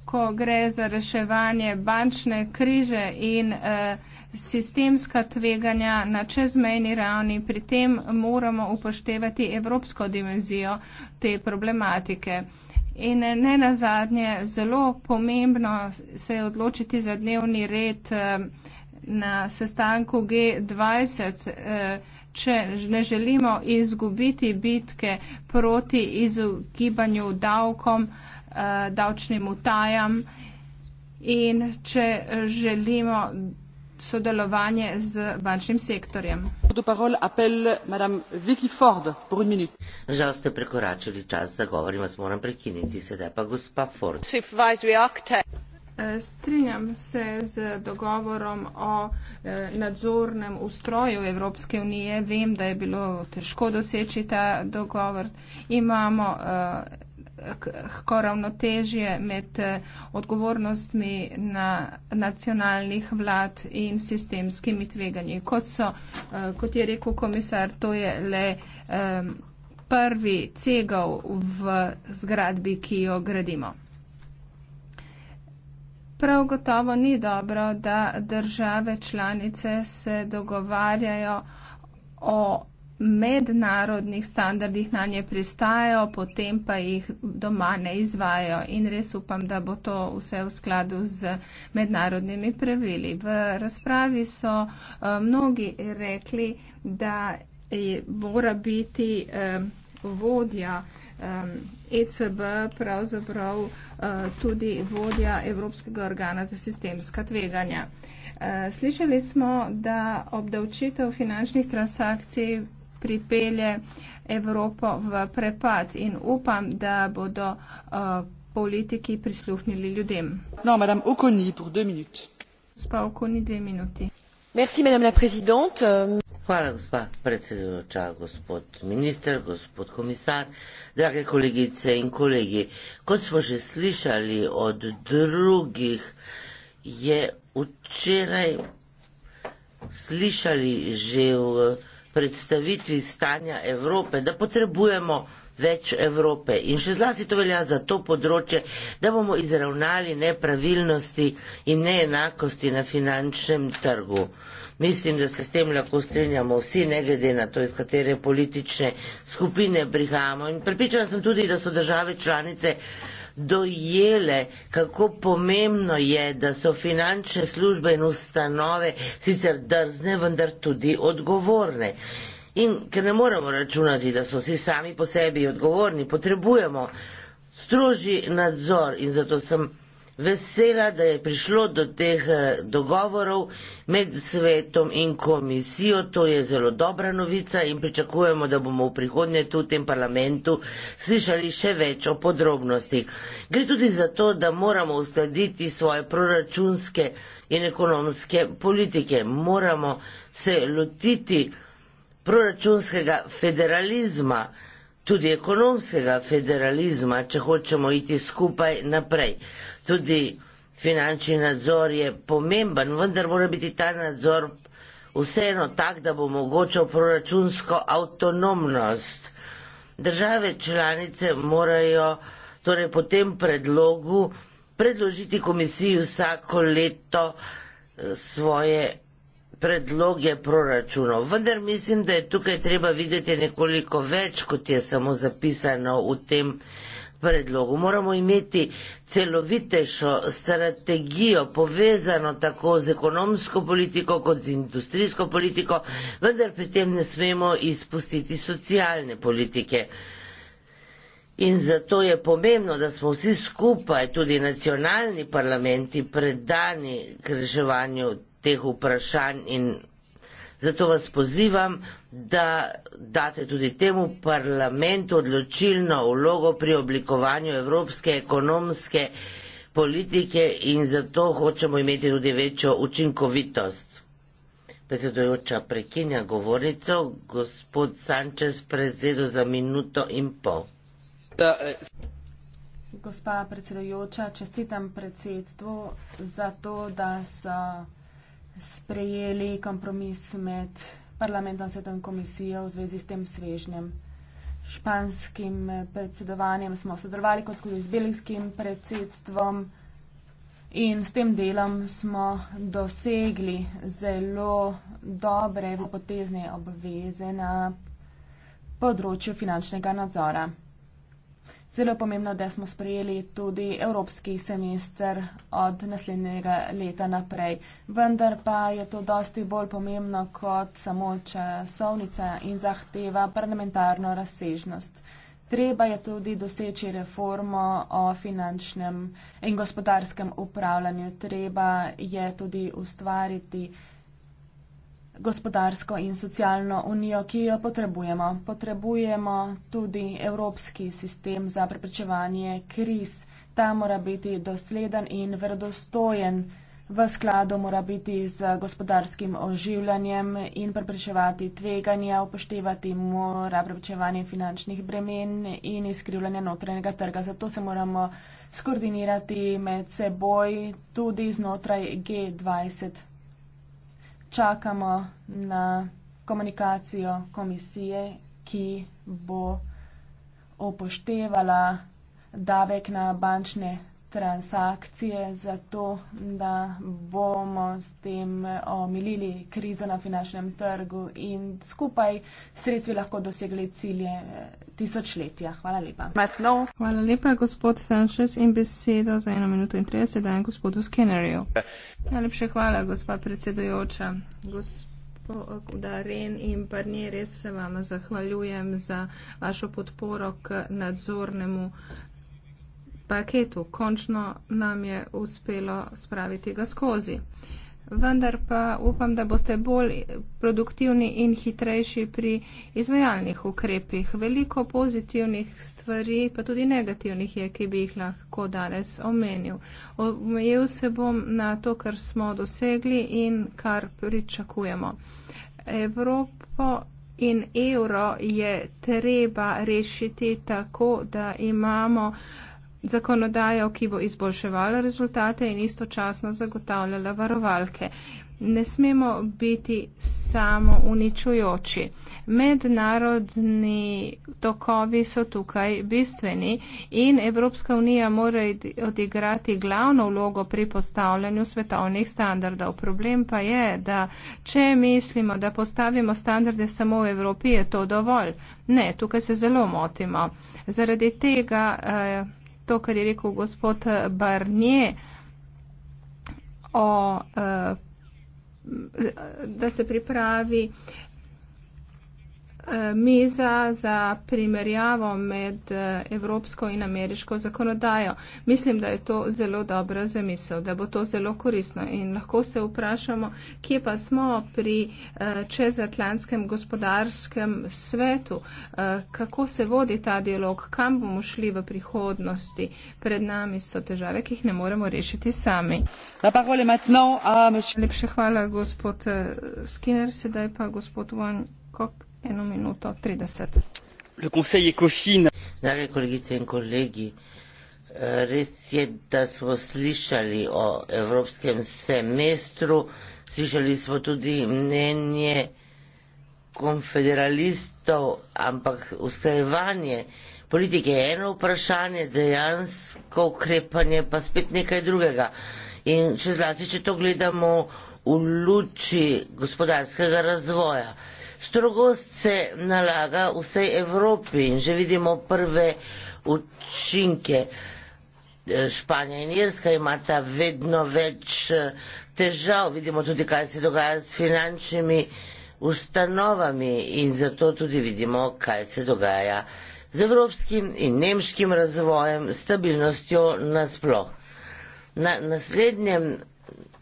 ko gre za reševanje bančne krize in eh, sistemska tveganja na čezmejni ravni, pri tem moramo upoštevati evropsko dimenzijo te problematike. In ne na zadnje, zelo pomembno se je odločiti za dnevni red eh, na sestanku G20, eh, če ne želimo izgubiti bitke proti izogibanju davkom, eh, davčnim utajam in če želimo sodelovanje z bančnim sektorjem žal ste prekoračili čas za govor in vas moram prekiniti sedaj pa gospa ford e, strinjam se z dogovorom o e, nadzornem ustroju Evropske unije. Vem, da je bilo težko doseči ta dogovor. Imamo uh, krhko ravnotežje med eh, odgovornostmi na nacionalnih vlad in sistemskimi tveganji. Kot, so, eh, kot je rekel komisar, to je le prvi cegel v zgradbi, ki jo gradimo. Prav gotovo ni dobro, da države članice se dogovarjajo o mednarodnih standardih na nje pristajajo, potem pa jih doma ne izvajo. In res upam, da bo to vse v skladu z mednarodnimi pravili. V razpravi so eh, mnogi rekli, da mora biti eh, vodja ECB eh, e pravzaprav tudi vodja Evropskega organa za sistemska tveganja. Slišali smo, da obdavčitev finančnih transakcij pripelje Evropo v prepad in upam, da bodo uh, politiki prisluhnili ljudem. No, madame Okoni, pour deux minutes. Gospa Okoni, dve minuti. Merci, madame la présidente. Hvala, gospa predsedujoča, gospod minister, gospod komisar, drage kolegice in kolegi. Kot smo že slišali od drugih, je včeraj slišali že v predstavitvi stanja Evrope, da potrebujemo več Evrope. In še zlasti to velja za to področje, da bomo izravnali nepravilnosti in neenakosti na finančnem trgu. Mislim, da se s tem lahko strinjamo vsi, ne glede na to, iz katere politične skupine prihajamo. In pripričana sem tudi, da so države članice dojele, kako pomembno je, da so finančne službe in ustanove sicer drzne, vendar tudi odgovorne. In ker ne moramo računati, da so vsi sami po sebi odgovorni, potrebujemo strožji nadzor in zato sem vesela, da je prišlo do teh eh, dogovorov med svetom in komisijo. To je zelo dobra novica in pričakujemo, da bomo v prihodnje tudi v tem parlamentu slišali še več o podrobnostih. Gre tudi za to, da moramo uskladiti svoje proračunske in ekonomske politike. Moramo se lotiti proračunskega federalizma, tudi ekonomskega federalizma, če hočemo iti skupaj naprej tudi finančni nadzor je pomemben, vendar mora biti ta nadzor vseeno tak, da bo mogočal proračunsko avtonomnost. Države članice morajo torej po tem predlogu predložiti komisiji vsako leto eh, svoje predloge proračunov. Vendar mislim, da je tukaj treba videti nekoliko več, kot je samo zapisano v tem predlogu predlogu. Moramo imeti celovitejšo strategijo, povezano tako z ekonomsko politiko kot z industrijsko politiko, vendar pri tem ne smemo izpustiti socialne politike. In zato je pomembno, da smo vsi skupaj, tudi nacionalni parlamenti, predani k reševanju teh vprašanj in zato vas pozivam, da date tudi temu parlamentu odločilno vlogo pri oblikovanju evropske ekonomske politike in zato hočemo imeti tudi večjo učinkovitost. Predsedujoča prekinja govorico, gospod Sančez prezedo za minuto in pol. Da, eh. Gospa predsedujoča, čestitam predsedstvu za to, da so sprejeli kompromis med parlament na svetovni komisiji v zvezi s tem svežnjem. Španskim eh, predsedovanjem smo sodelovali kot tudi z belgijskim predsedstvom in s tem delom smo dosegli zelo dobre potezne obveze na področju finančnega nadzora zelo pomembno, da smo sprejeli tudi evropski semester od naslednjega leta naprej. Vendar pa je to dosti bolj pomembno kot samo časovnica in zahteva parlamentarno razsežnost. Treba je tudi doseči reformo o finančnem in gospodarskem upravljanju. Treba je tudi ustvariti gospodarsko in socialno unijo, ki jo potrebujemo. Potrebujemo tudi evropski sistem za preprečevanje kriz. Ta mora biti dosleden in verodostojen. V skladu mora biti z gospodarskim oživljanjem in preprečevati tveganja, upoštevati mora preprečevanje finančnih bremen in izkrivljanje notranjega trga. Zato se moramo skoordinirati med seboj tudi znotraj G20 čakamo na komunikacijo komisije, ki bo upoštevala davek na bančne transakcije, zato da bomo s tem omilili krizo na finančnem trgu in skupaj sredstvi lahko dosegli cilje eh, tisočletja. Hvala lepa. No. Hvala lepa, gospod Sanchez, in besedo za eno minuto in 30 dajem gospodu Skinnerju. Najlepše hvala, gospa predsedujoča. Gos eh, da Ren in Parnje res se vam zahvaljujem za vašo podporo k nadzornemu paketu. Končno nam je uspelo spraviti ga skozi. Vendar pa upam, da boste bolj produktivni in hitrejši pri izvajalnih ukrepih. Veliko pozitivnih stvari, pa tudi negativnih je, ki bi jih lahko danes omenil. Omejil se bom na to, kar smo dosegli in kar pričakujemo. Evropo in evro je treba rešiti tako, da imamo zakonodajo, ki bo izboljševala rezultate in istočasno zagotavljala varovalke. Ne smemo biti samo uničujoči. Mednarodni tokovi so tukaj bistveni in Evropska unija mora odigrati glavno vlogo pri postavljanju svetovnih standardov. Problem pa je, da če mislimo, da postavimo standarde samo v Evropi, je to dovolj. Ne, tukaj se zelo motimo. Zaradi tega. Eh, to, kar je rekel gospod Barnje, o, eh, da se pripravi Eh, meza za primerjavo med eh, evropsko in ameriško zakonodajo. Mislim, da je to zelo dobra zamisel, da bo to zelo korisno in lahko se vprašamo, kje pa smo pri eh, čezatlantskem gospodarskem svetu, kako se vodi ta dialog, kam bomo šli v prihodnosti. Pred nami so težave, ki jih ne moremo rešiti sami. Lepše hvala, gospod Skinner, sedaj pa gospod Von Kokt eno minuto trideset. Drage kolegice in kolegi, res je, da smo slišali o evropskem semestru, slišali smo tudi mnenje konfederalistov, ampak ustajevanje politike je eno vprašanje, dejansko ukrepanje pa spet nekaj drugega. In še zlasti, če to gledamo v luči gospodarskega razvoja. Strogost se nalaga vsej Evropi in že vidimo prve učinke. E, Španija in Irska imata vedno več e, težav. Vidimo tudi, kaj se dogaja s finančnimi ustanovami in zato tudi vidimo, kaj se dogaja z evropskim in nemškim razvojem, stabilnostjo nasploh. Na naslednjem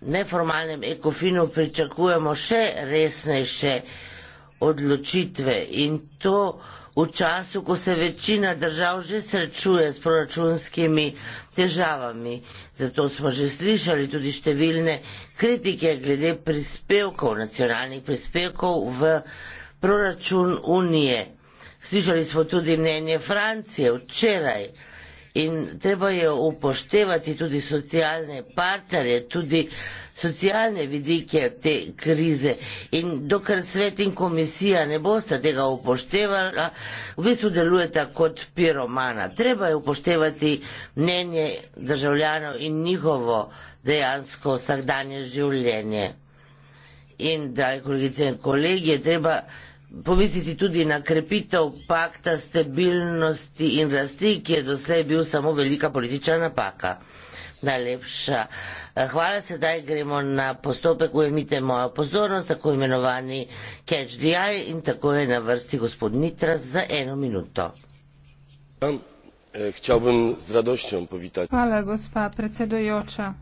neformalnem ekofinu pričakujemo še resnejše odločitve in to v času, ko se večina držav že srečuje s proračunskimi težavami. Zato smo že slišali tudi številne kritike glede prispevkov, nacionalnih prispevkov v proračun Unije. Slišali smo tudi mnenje Francije včeraj in treba je upoštevati tudi socialne partnerje, tudi socialne vidike te krize in dokler svet in komisija ne bosta tega upoštevala, vi sodelujete kot piromana. Treba je upoštevati mnenje državljanov in njihovo dejansko vsakdanje življenje. In, dragi kolegice in kolegi, je treba povisiti tudi na krepitev pakta stabilnosti in rasti, ki je doslej bil samo velika politična napaka. Najlepša. Eh, hvala, sedaj gremo na postopek, ujemite mojo pozornost, tako imenovani Catch the Eye in tako je na vrsti gospod Nitras za eno minuto. Eh, hvala, gospa predsedojoča.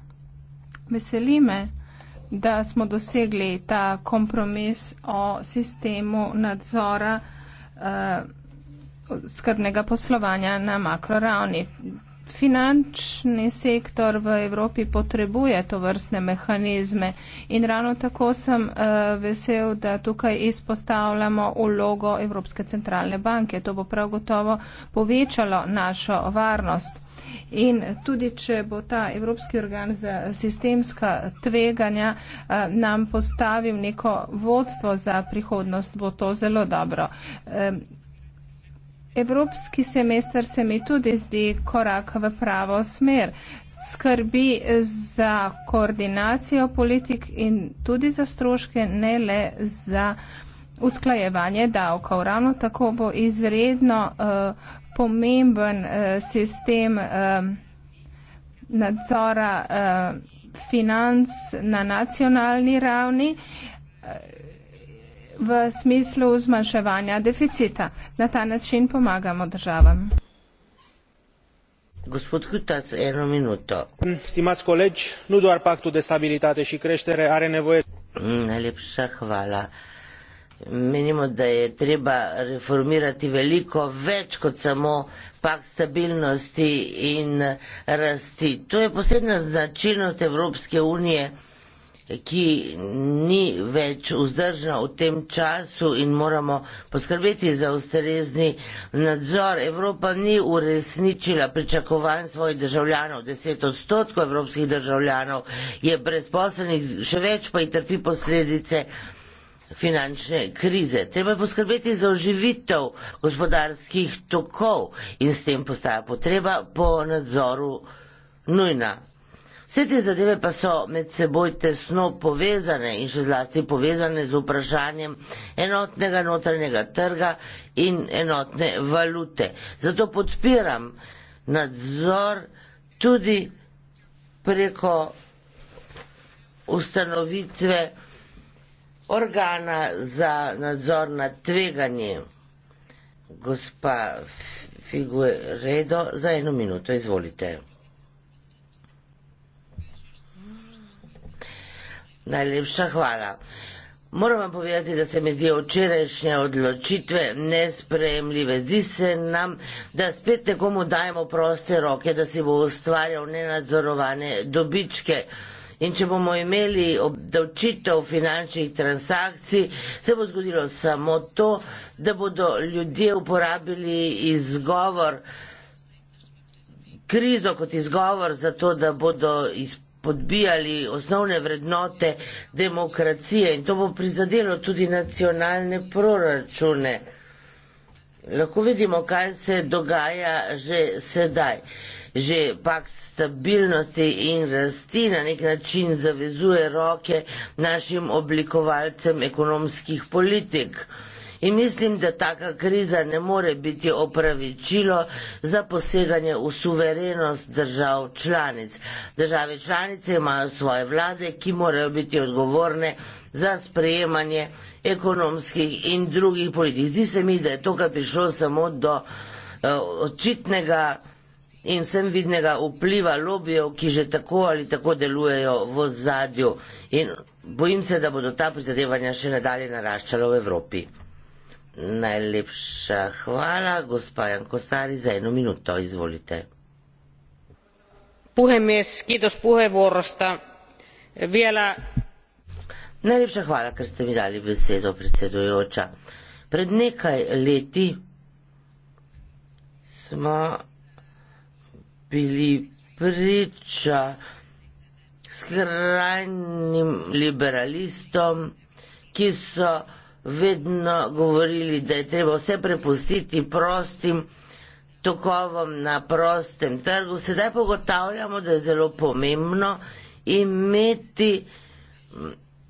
Veseli me, da smo dosegli ta kompromis o sistemu nadzora uh, skrbnega poslovanja na makroravni finančni sektor v Evropi potrebuje to vrstne mehanizme in ravno tako sem uh, vesel, da tukaj izpostavljamo ulogo Evropske centralne banke. To bo prav gotovo povečalo našo varnost. In tudi, če bo ta Evropski organ za sistemska tveganja uh, nam postavil neko vodstvo za prihodnost, bo to zelo dobro. Uh, Evropski semester se mi tudi zdi korak v pravo smer. Skrbi za koordinacijo politik in tudi za stroške, ne le za usklajevanje davkov. Ravno tako bo izredno uh, pomemben uh, sistem uh, nadzora uh, financ na nacionalni ravni. Uh, v smislu zmanjševanja deficita. Na ta način pomagamo državam. Gospod Hutas, eno minuto. Stimați colegi, nu doar pactul de stabilitate și creștere are nevoie... Mm, Najlepša hvala. Menimo, da je treba reformirati veliko več kot samo pak stabilnosti in rasti. To je posebna značilnost Evropske unije, ki ni več vzdržna v tem času in moramo poskrbeti za ustrezni nadzor. Evropa ni uresničila pričakovanj svojih državljanov. Deset odstotkov evropskih državljanov je brezposlenih, še več pa jih trpi posledice finančne krize. Treba je poskrbeti za oživitev gospodarskih tokov in s tem postaja potreba po nadzoru nujna. Vse te zadeve pa so med seboj tesno povezane in še zlasti povezane z vprašanjem enotnega notranjega trga in enotne valute. Zato podpiram nadzor tudi preko ustanovitve organa za nadzor nad tveganjem. Gospa Figueredo, za eno minuto izvolite. Najlepša hvala. Moram vam povedati, da se mi zdijo včerajšnje odločitve nesprejemljive. Zdi se nam, da spet nekomu dajemo proste roke, da si bo ustvarjal nenadzorovane dobičke. In če bomo imeli obdavčitev finančnih transakcij, se bo zgodilo samo to, da bodo ljudje uporabili izgovor, krizo kot izgovor za to, da bodo izpustili podbijali osnovne vrednote demokracije in to bo prizadelo tudi nacionalne proračune. Lahko vidimo, kaj se dogaja že sedaj. Že pakt stabilnosti in rasti na nek način zavezuje roke našim oblikovalcem ekonomskih politik. In mislim, da taka kriza ne more biti opravičilo za poseganje v suverenost držav članic. Države članice imajo svoje vlade, ki morajo biti odgovorne za sprejemanje ekonomskih in drugih politik. Zdi se mi, da je to, kar prišlo samo do uh, očitnega in vsem vidnega vpliva lobijev, ki že tako ali tako delujejo v zadju. In bojim se, da bodo ta prizadevanja še nadalje naraščala v Evropi. Najlepša hvala, gospa Jankosari, za eno minuto, izvolite. Puhemes, kitos puhevorosta. Vjela... Najlepša hvala, ker ste mi dali besedo, predsedujoča. Pred nekaj leti smo bili priča skrajnim liberalistom, ki so vedno govorili, da je treba vse prepustiti prostim tokovom na prostem trgu. Sedaj pa ugotavljamo, da je zelo pomembno imeti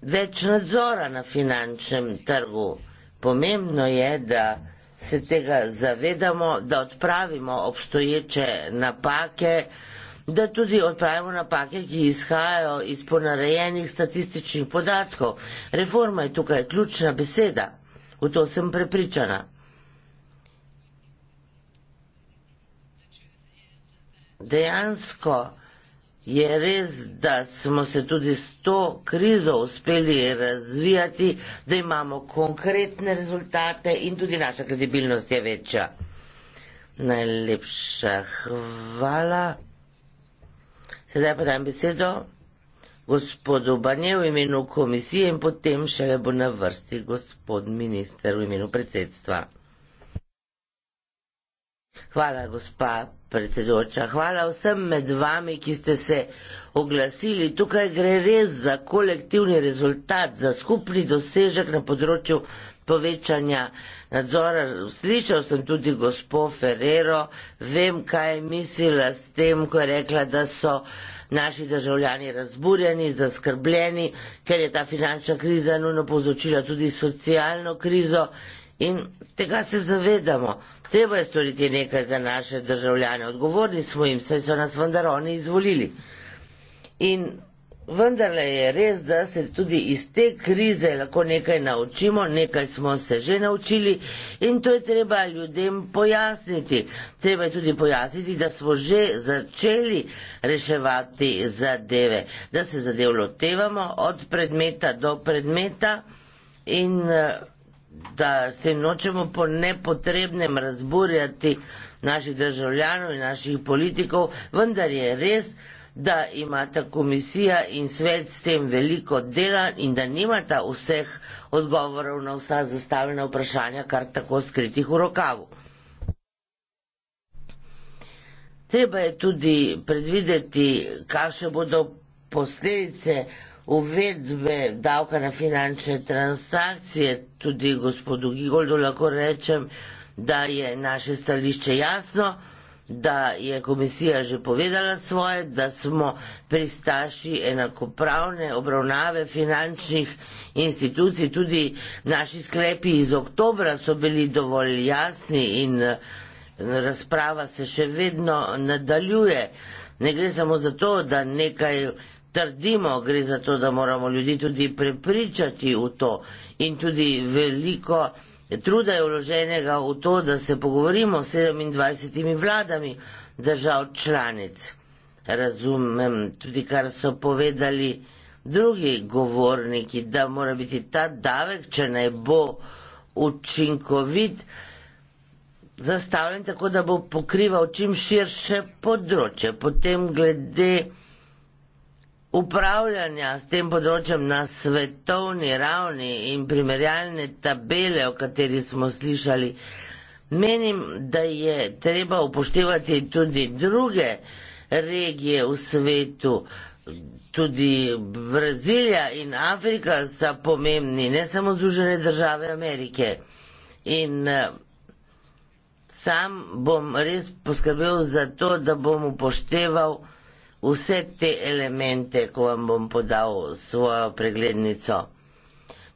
več nadzora na finančnem trgu. Pomembno je, da se tega zavedamo, da odpravimo obstoječe napake, da tudi odpravimo napake, ki izhajajo iz ponarejenih statističnih podatkov. Reforma je tukaj ključna beseda. V to sem prepričana. Dejansko je res, da smo se tudi s to krizo uspeli razvijati, da imamo konkretne rezultate in tudi naša kredibilnost je večja. Najlepša hvala. Sedaj pa dam besedo gospodu Banje v imenu komisije in potem šele bo na vrsti gospod minister v imenu predsedstva. Hvala, gospa predsedujoča. Hvala vsem med vami, ki ste se oglasili. Tukaj gre res za kolektivni rezultat, za skupni dosežek na področju povečanja nadzora. Slišal sem tudi gospo Ferrero, vem, kaj je mislila s tem, ko je rekla, da so naši državljani razburjeni, zaskrbljeni, ker je ta finančna kriza nujno povzročila tudi socialno krizo in tega se zavedamo. Treba je storiti nekaj za naše državljane. Odgovorni smo jim, saj so nas vendar oni izvolili. In Vendarle je res, da se tudi iz te krize lahko nekaj naučimo, nekaj smo se že naučili in to je treba ljudem pojasniti. Treba je tudi pojasniti, da smo že začeli reševati zadeve, da se zadev lotevamo od predmeta do predmeta in da se nočemo po nepotrebnem razburjati naših državljanov in naših politikov, vendar je res, da imata komisija in svet s tem veliko dela in da nimata vseh odgovorov na vsa zastavljena vprašanja, kar tako skritih v rokavu. Treba je tudi predvideti, kakšne bodo posledice uvedbe davka na finančne transakcije. Tudi gospodu Gigoldu lahko rečem, da je naše stališče jasno da je komisija že povedala svoje, da smo pristaši enakopravne obravnave finančnih institucij. Tudi naši sklepi iz oktobra so bili dovolj jasni in eh, razprava se še vedno nadaljuje. Ne gre samo za to, da nekaj trdimo, gre za to, da moramo ljudi tudi prepričati v to in tudi veliko truda je vloženega v to, da se pogovorimo s 27 vladami držav članic. Razumem tudi, kar so povedali drugi govorniki, da mora biti ta davek, če naj bo učinkovit, zastavljen tako, da bo pokrival čim širše področje. Potem glede upravljanja s tem področjem na svetovni ravni in primerjalne tabele, o kateri smo slišali, menim, da je treba upoštevati tudi druge regije v svetu. Tudi Brazilija in Afrika sta pomembni, ne samo Združene države Amerike. In eh, sam bom res poskrbel za to, da bom upošteval vse te elemente, ko vam bom podal svojo preglednico.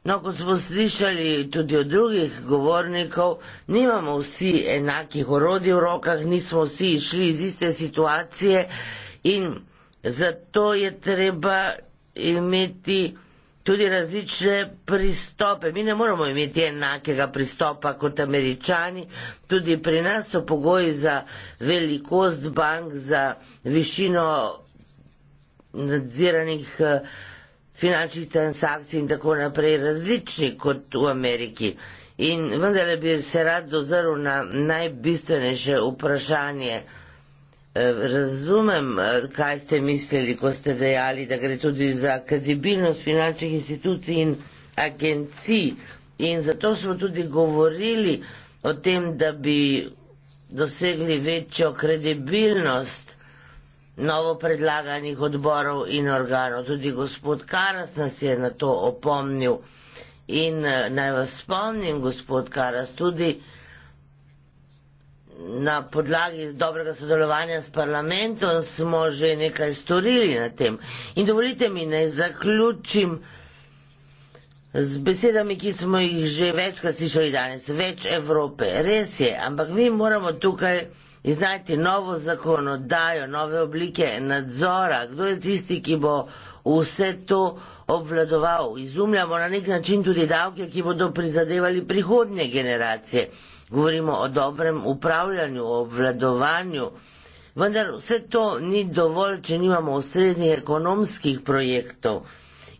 No, kot smo slišali tudi od drugih govornikov, nimamo vsi enakih orodij v rokah, nismo vsi išli iz iste situacije in zato je treba imeti tudi različne pristope. Mi ne moramo imeti enakega pristopa kot američani. Tudi pri nas so pogoji za velikost bank, za višino nadziranih eh, finančnih transakcij in tako naprej različni kot v Ameriki. In vendar bi se rad dozoril na najbistvenejše vprašanje. Eh, razumem, eh, kaj ste mislili, ko ste dejali, da gre tudi za kredibilnost finančnih institucij in agencij. In zato smo tudi govorili o tem, da bi dosegli večjo kredibilnost novo predlaganih odborov in organov. Tudi gospod Karas nas je na to opomnil. In eh, naj vas spomnim, gospod Karas, tudi na podlagi dobrega sodelovanja s parlamentom smo že nekaj storili na tem. In dovolite mi, naj zaključim z besedami, ki smo jih že večkrat slišali danes. Več Evrope, res je, ampak mi moramo tukaj iznajti novo zakonodajo, nove oblike nadzora. Kdo je tisti, ki bo vse to obvladoval? Izumljamo na nek način tudi davke, ki bodo prizadevali prihodnje generacije govorimo o dobrem upravljanju, o obvladovanju, vendar vse to ni dovolj, če nimamo ustreznih ekonomskih projektov.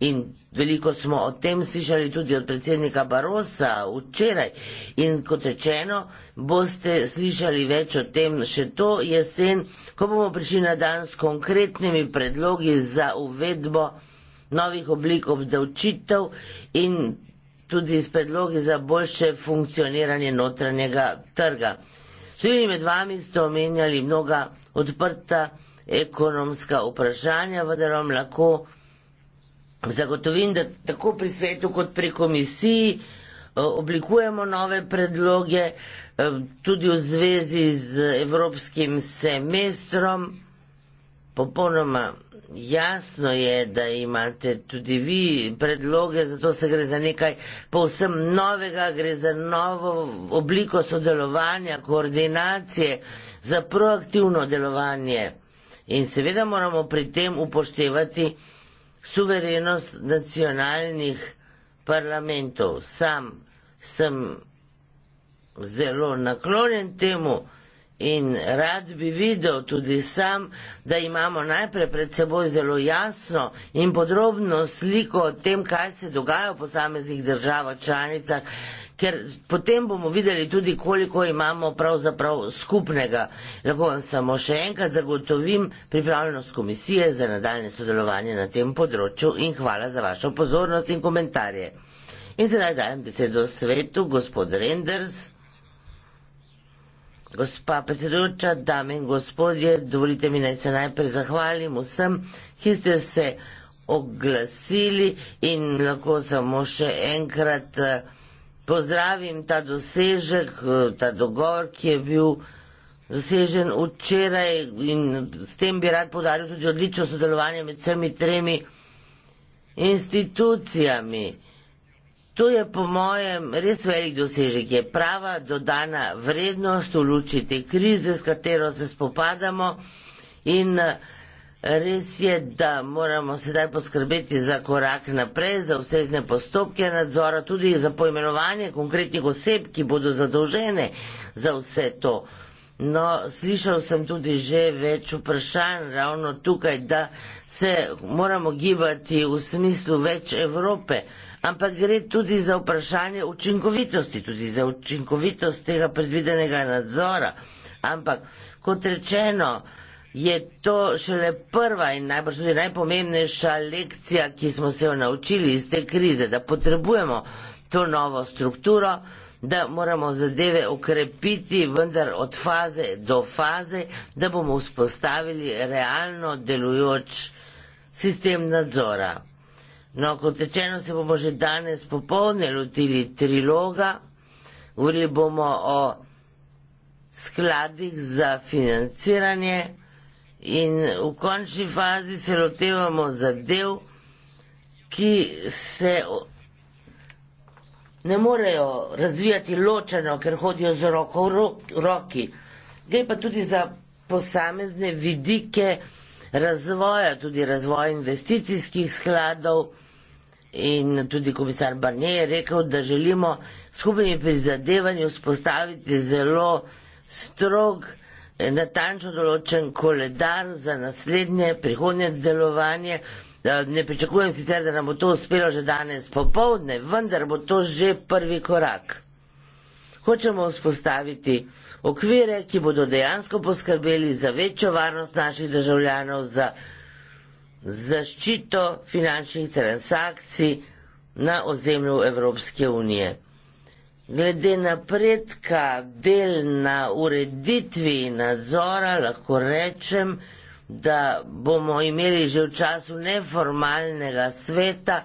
In veliko smo o tem slišali tudi od predsednika Barosa včeraj. In kot rečeno, boste slišali več o tem še to jesen, ko bomo prišli na dan s konkretnimi predlogi za uvedbo novih oblik obdavčitev in tudi s predlogi za boljše funkcioniranje notranjega trga. Številni med vami ste omenjali mnoga odprta ekonomska vprašanja, vendar vam lahko zagotovim, da tako pri svetu kot pri komisiji eh, oblikujemo nove predloge eh, tudi v zvezi z evropskim semestrom. Popolnoma Jasno je, da imate tudi vi predloge, zato se gre za nekaj povsem novega, gre za novo obliko sodelovanja, koordinacije, za proaktivno delovanje. In seveda moramo pri tem upoštevati suverenost nacionalnih parlamentov. Sam sem zelo naklonjen temu, in rad bi videl tudi sam, da imamo najprej pred seboj zelo jasno in podrobno sliko o tem, kaj se dogaja v posameznih državah članicah, ker potem bomo videli tudi, koliko imamo pravzaprav skupnega. Lahko vam samo še enkrat zagotovim pripravljenost komisije za nadaljne sodelovanje na tem področju in hvala za vašo pozornost in komentarje. In sedaj dajem besedo svetu, gospod Renders. Gospa predsedujoča, dame in gospodje, dovolite mi naj se najprej zahvalim vsem, ki ste se oglasili in lahko samo še enkrat eh, pozdravim ta dosežek, eh, ta dogovor, ki je bil dosežen včeraj in s tem bi rad podaril tudi odlično sodelovanje med vsemi tremi institucijami. To je po mojem res velik dosežek, je prava dodana vrednost v luči te krize, s katero se spopadamo in eh, res je, da moramo sedaj poskrbeti za korak naprej, za vsezne postopke nadzora, tudi za poimenovanje konkretnih oseb, ki bodo zadolžene za vse to. No, slišal sem tudi že več vprašanj ravno tukaj, da se moramo gibati v smislu več Evrope ampak gre tudi za vprašanje učinkovitosti, tudi za učinkovitost tega predvidenega nadzora. Ampak, kot rečeno, je to šele prva in najbrž tudi najpomembnejša lekcija, ki smo se jo naučili iz te krize, da potrebujemo to novo strukturo, da moramo zadeve okrepiti, vendar od faze do faze, da bomo vzpostavili realno delujoč sistem nadzora. No, kot rečeno, se bomo že danes popolne lotili triloga, govorili bomo o skladih za financiranje in v končni fazi se lotevamo zadev, ki se ne morejo razvijati ločeno, ker hodijo z roko v roki. Gre pa tudi za posamezne vidike razvoja, tudi razvoja investicijskih skladov in tudi komisar Barnier je rekel, da želimo skupnimi prizadevanji vzpostaviti zelo strog, natančno določen koledar za naslednje prihodnje delovanje. Ne pričakujem sicer, da nam bo to uspelo že danes popovdne, vendar bo to že prvi korak. Hočemo vzpostaviti okvire, ki bodo dejansko poskrbeli za večjo varnost naših državljanov, za zaščito finančnih transakcij na ozemlju Evropske unije. Glede napredka del na ureditvi nadzora, lahko rečem, da bomo imeli že v času neformalnega sveta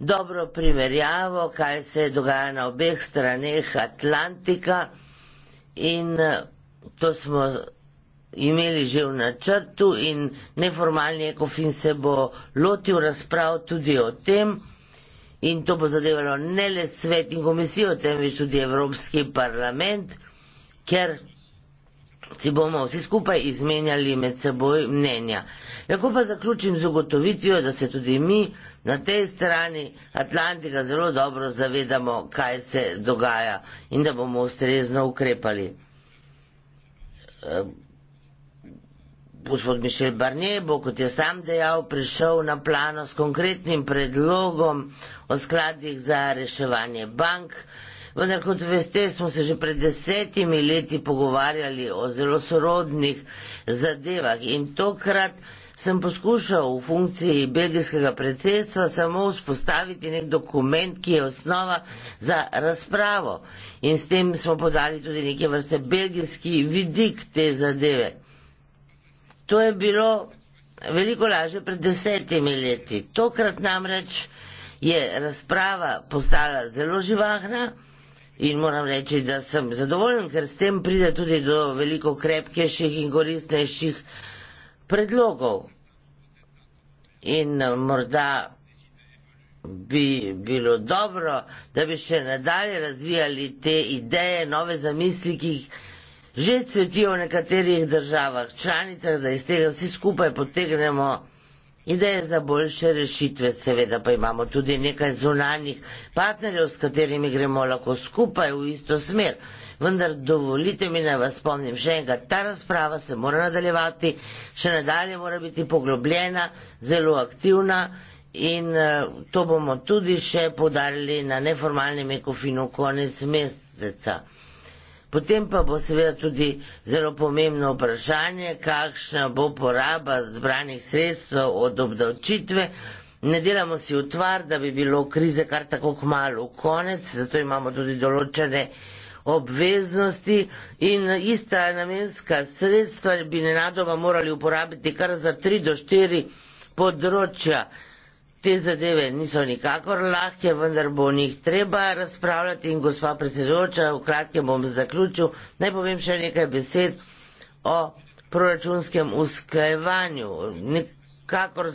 dobro primerjavo, kaj se dogaja na obeh straneh Atlantika in to smo imeli že v načrtu in neformalni ekofin se bo lotil razprav tudi o tem in to bo zadevalo ne le svet in komisijo, temveč tudi Evropski parlament, ker si bomo vsi skupaj izmenjali med seboj mnenja. Lahko pa zaključim z ugotovitvijo, da se tudi mi na tej strani Atlantika zelo dobro zavedamo, kaj se dogaja in da bomo ustrezno ukrepali gospod Mišel Barnier bo, kot je sam dejal, prišel na plano s konkretnim predlogom o skladih za reševanje bank. Vendar, kot veste, smo se že pred desetimi leti pogovarjali o zelo sorodnih zadevah in tokrat sem poskušal v funkciji belgijskega predsedstva samo vzpostaviti nek dokument, ki je osnova za razpravo. In s tem smo podali tudi neke vrste belgijski vidik te zadeve. To je bilo veliko lažje pred desetimi leti. Tokrat namreč je razprava postala zelo živahna in moram reči, da sem zadovoljen, ker s tem pride tudi do veliko krepkejših in koristnejših predlogov. In eh, morda bi bilo dobro, da bi še nadalje razvijali te ideje, nove zamisli, ki jih že cvetijo v nekaterih državah članicah, da iz tega vsi skupaj potegnemo ideje za boljše rešitve. Seveda pa imamo tudi nekaj zunanjih partnerjev, s katerimi gremo lahko skupaj v isto smer. Vendar dovolite mi, da vas spomnim še enkrat, ta razprava se mora nadaljevati, še nadalje mora biti poglobljena, zelo aktivna. In eh, to bomo tudi še podarili na neformalnem ekofinu konec meseca. Potem pa bo seveda tudi zelo pomembno vprašanje, kakšna bo poraba zbranih sredstev od obdavčitve. Ne delamo si utvar, da bi bilo krize kar tako kmalo konec, zato imamo tudi določene obveznosti in ista namenska sredstva bi nenadoma morali uporabiti kar za tri do štiri področja. Te zadeve niso nikakor lahke, vendar bo o njih treba razpravljati in gospa predsedujoča, v kratkem bom zaključil, naj povem še nekaj besed o proračunskem usklajevanju. Nekakor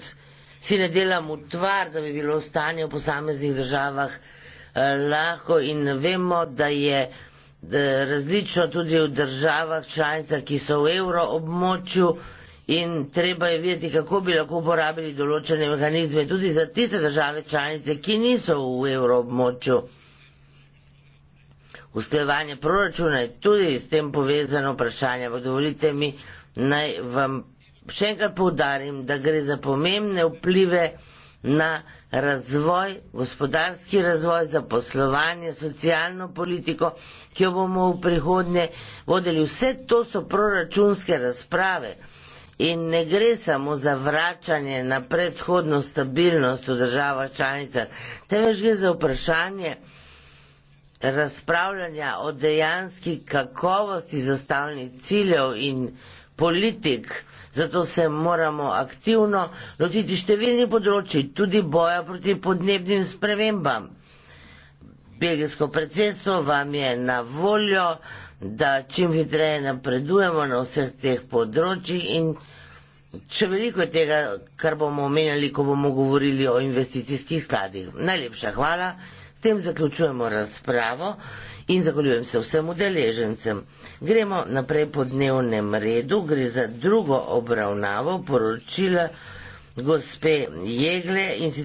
si ne delam utvar, da bi bilo stanje v posameznih državah eh, lahko in vemo, da je eh, različno tudi v državah članicah, ki so v evroobmočju in treba je vedeti, kako bi lahko uporabili določene mehanizme tudi za tiste države članice, ki niso v evroobmočju. Usklajevanje proračuna je tudi s tem povezano vprašanje. Dovolite mi, naj vam še enkrat poudarim, da gre za pomembne vplive na razvoj, gospodarski razvoj, za poslovanje, socialno politiko, ki jo bomo v prihodnje vodili. Vse to so proračunske razprave. In ne gre samo za vračanje na predhodno stabilnost v državah članicah, temveč gre za vprašanje razpravljanja o dejanski kakovosti zastavnih ciljev in politik. Zato se moramo aktivno lotiti številni področji, tudi boja proti podnebnim spremembam. Belgijsko predsedstvo vam je na voljo da čim hitreje napredujemo na vseh teh področjih in še veliko tega, kar bomo omenjali, ko bomo govorili o investicijskih skladih. Najlepša hvala, s tem zaključujemo razpravo in zahvaljujem se vsem udeležencem. Gremo naprej po dnevnem redu, gre za drugo obravnavo poročila gospe Jegle in si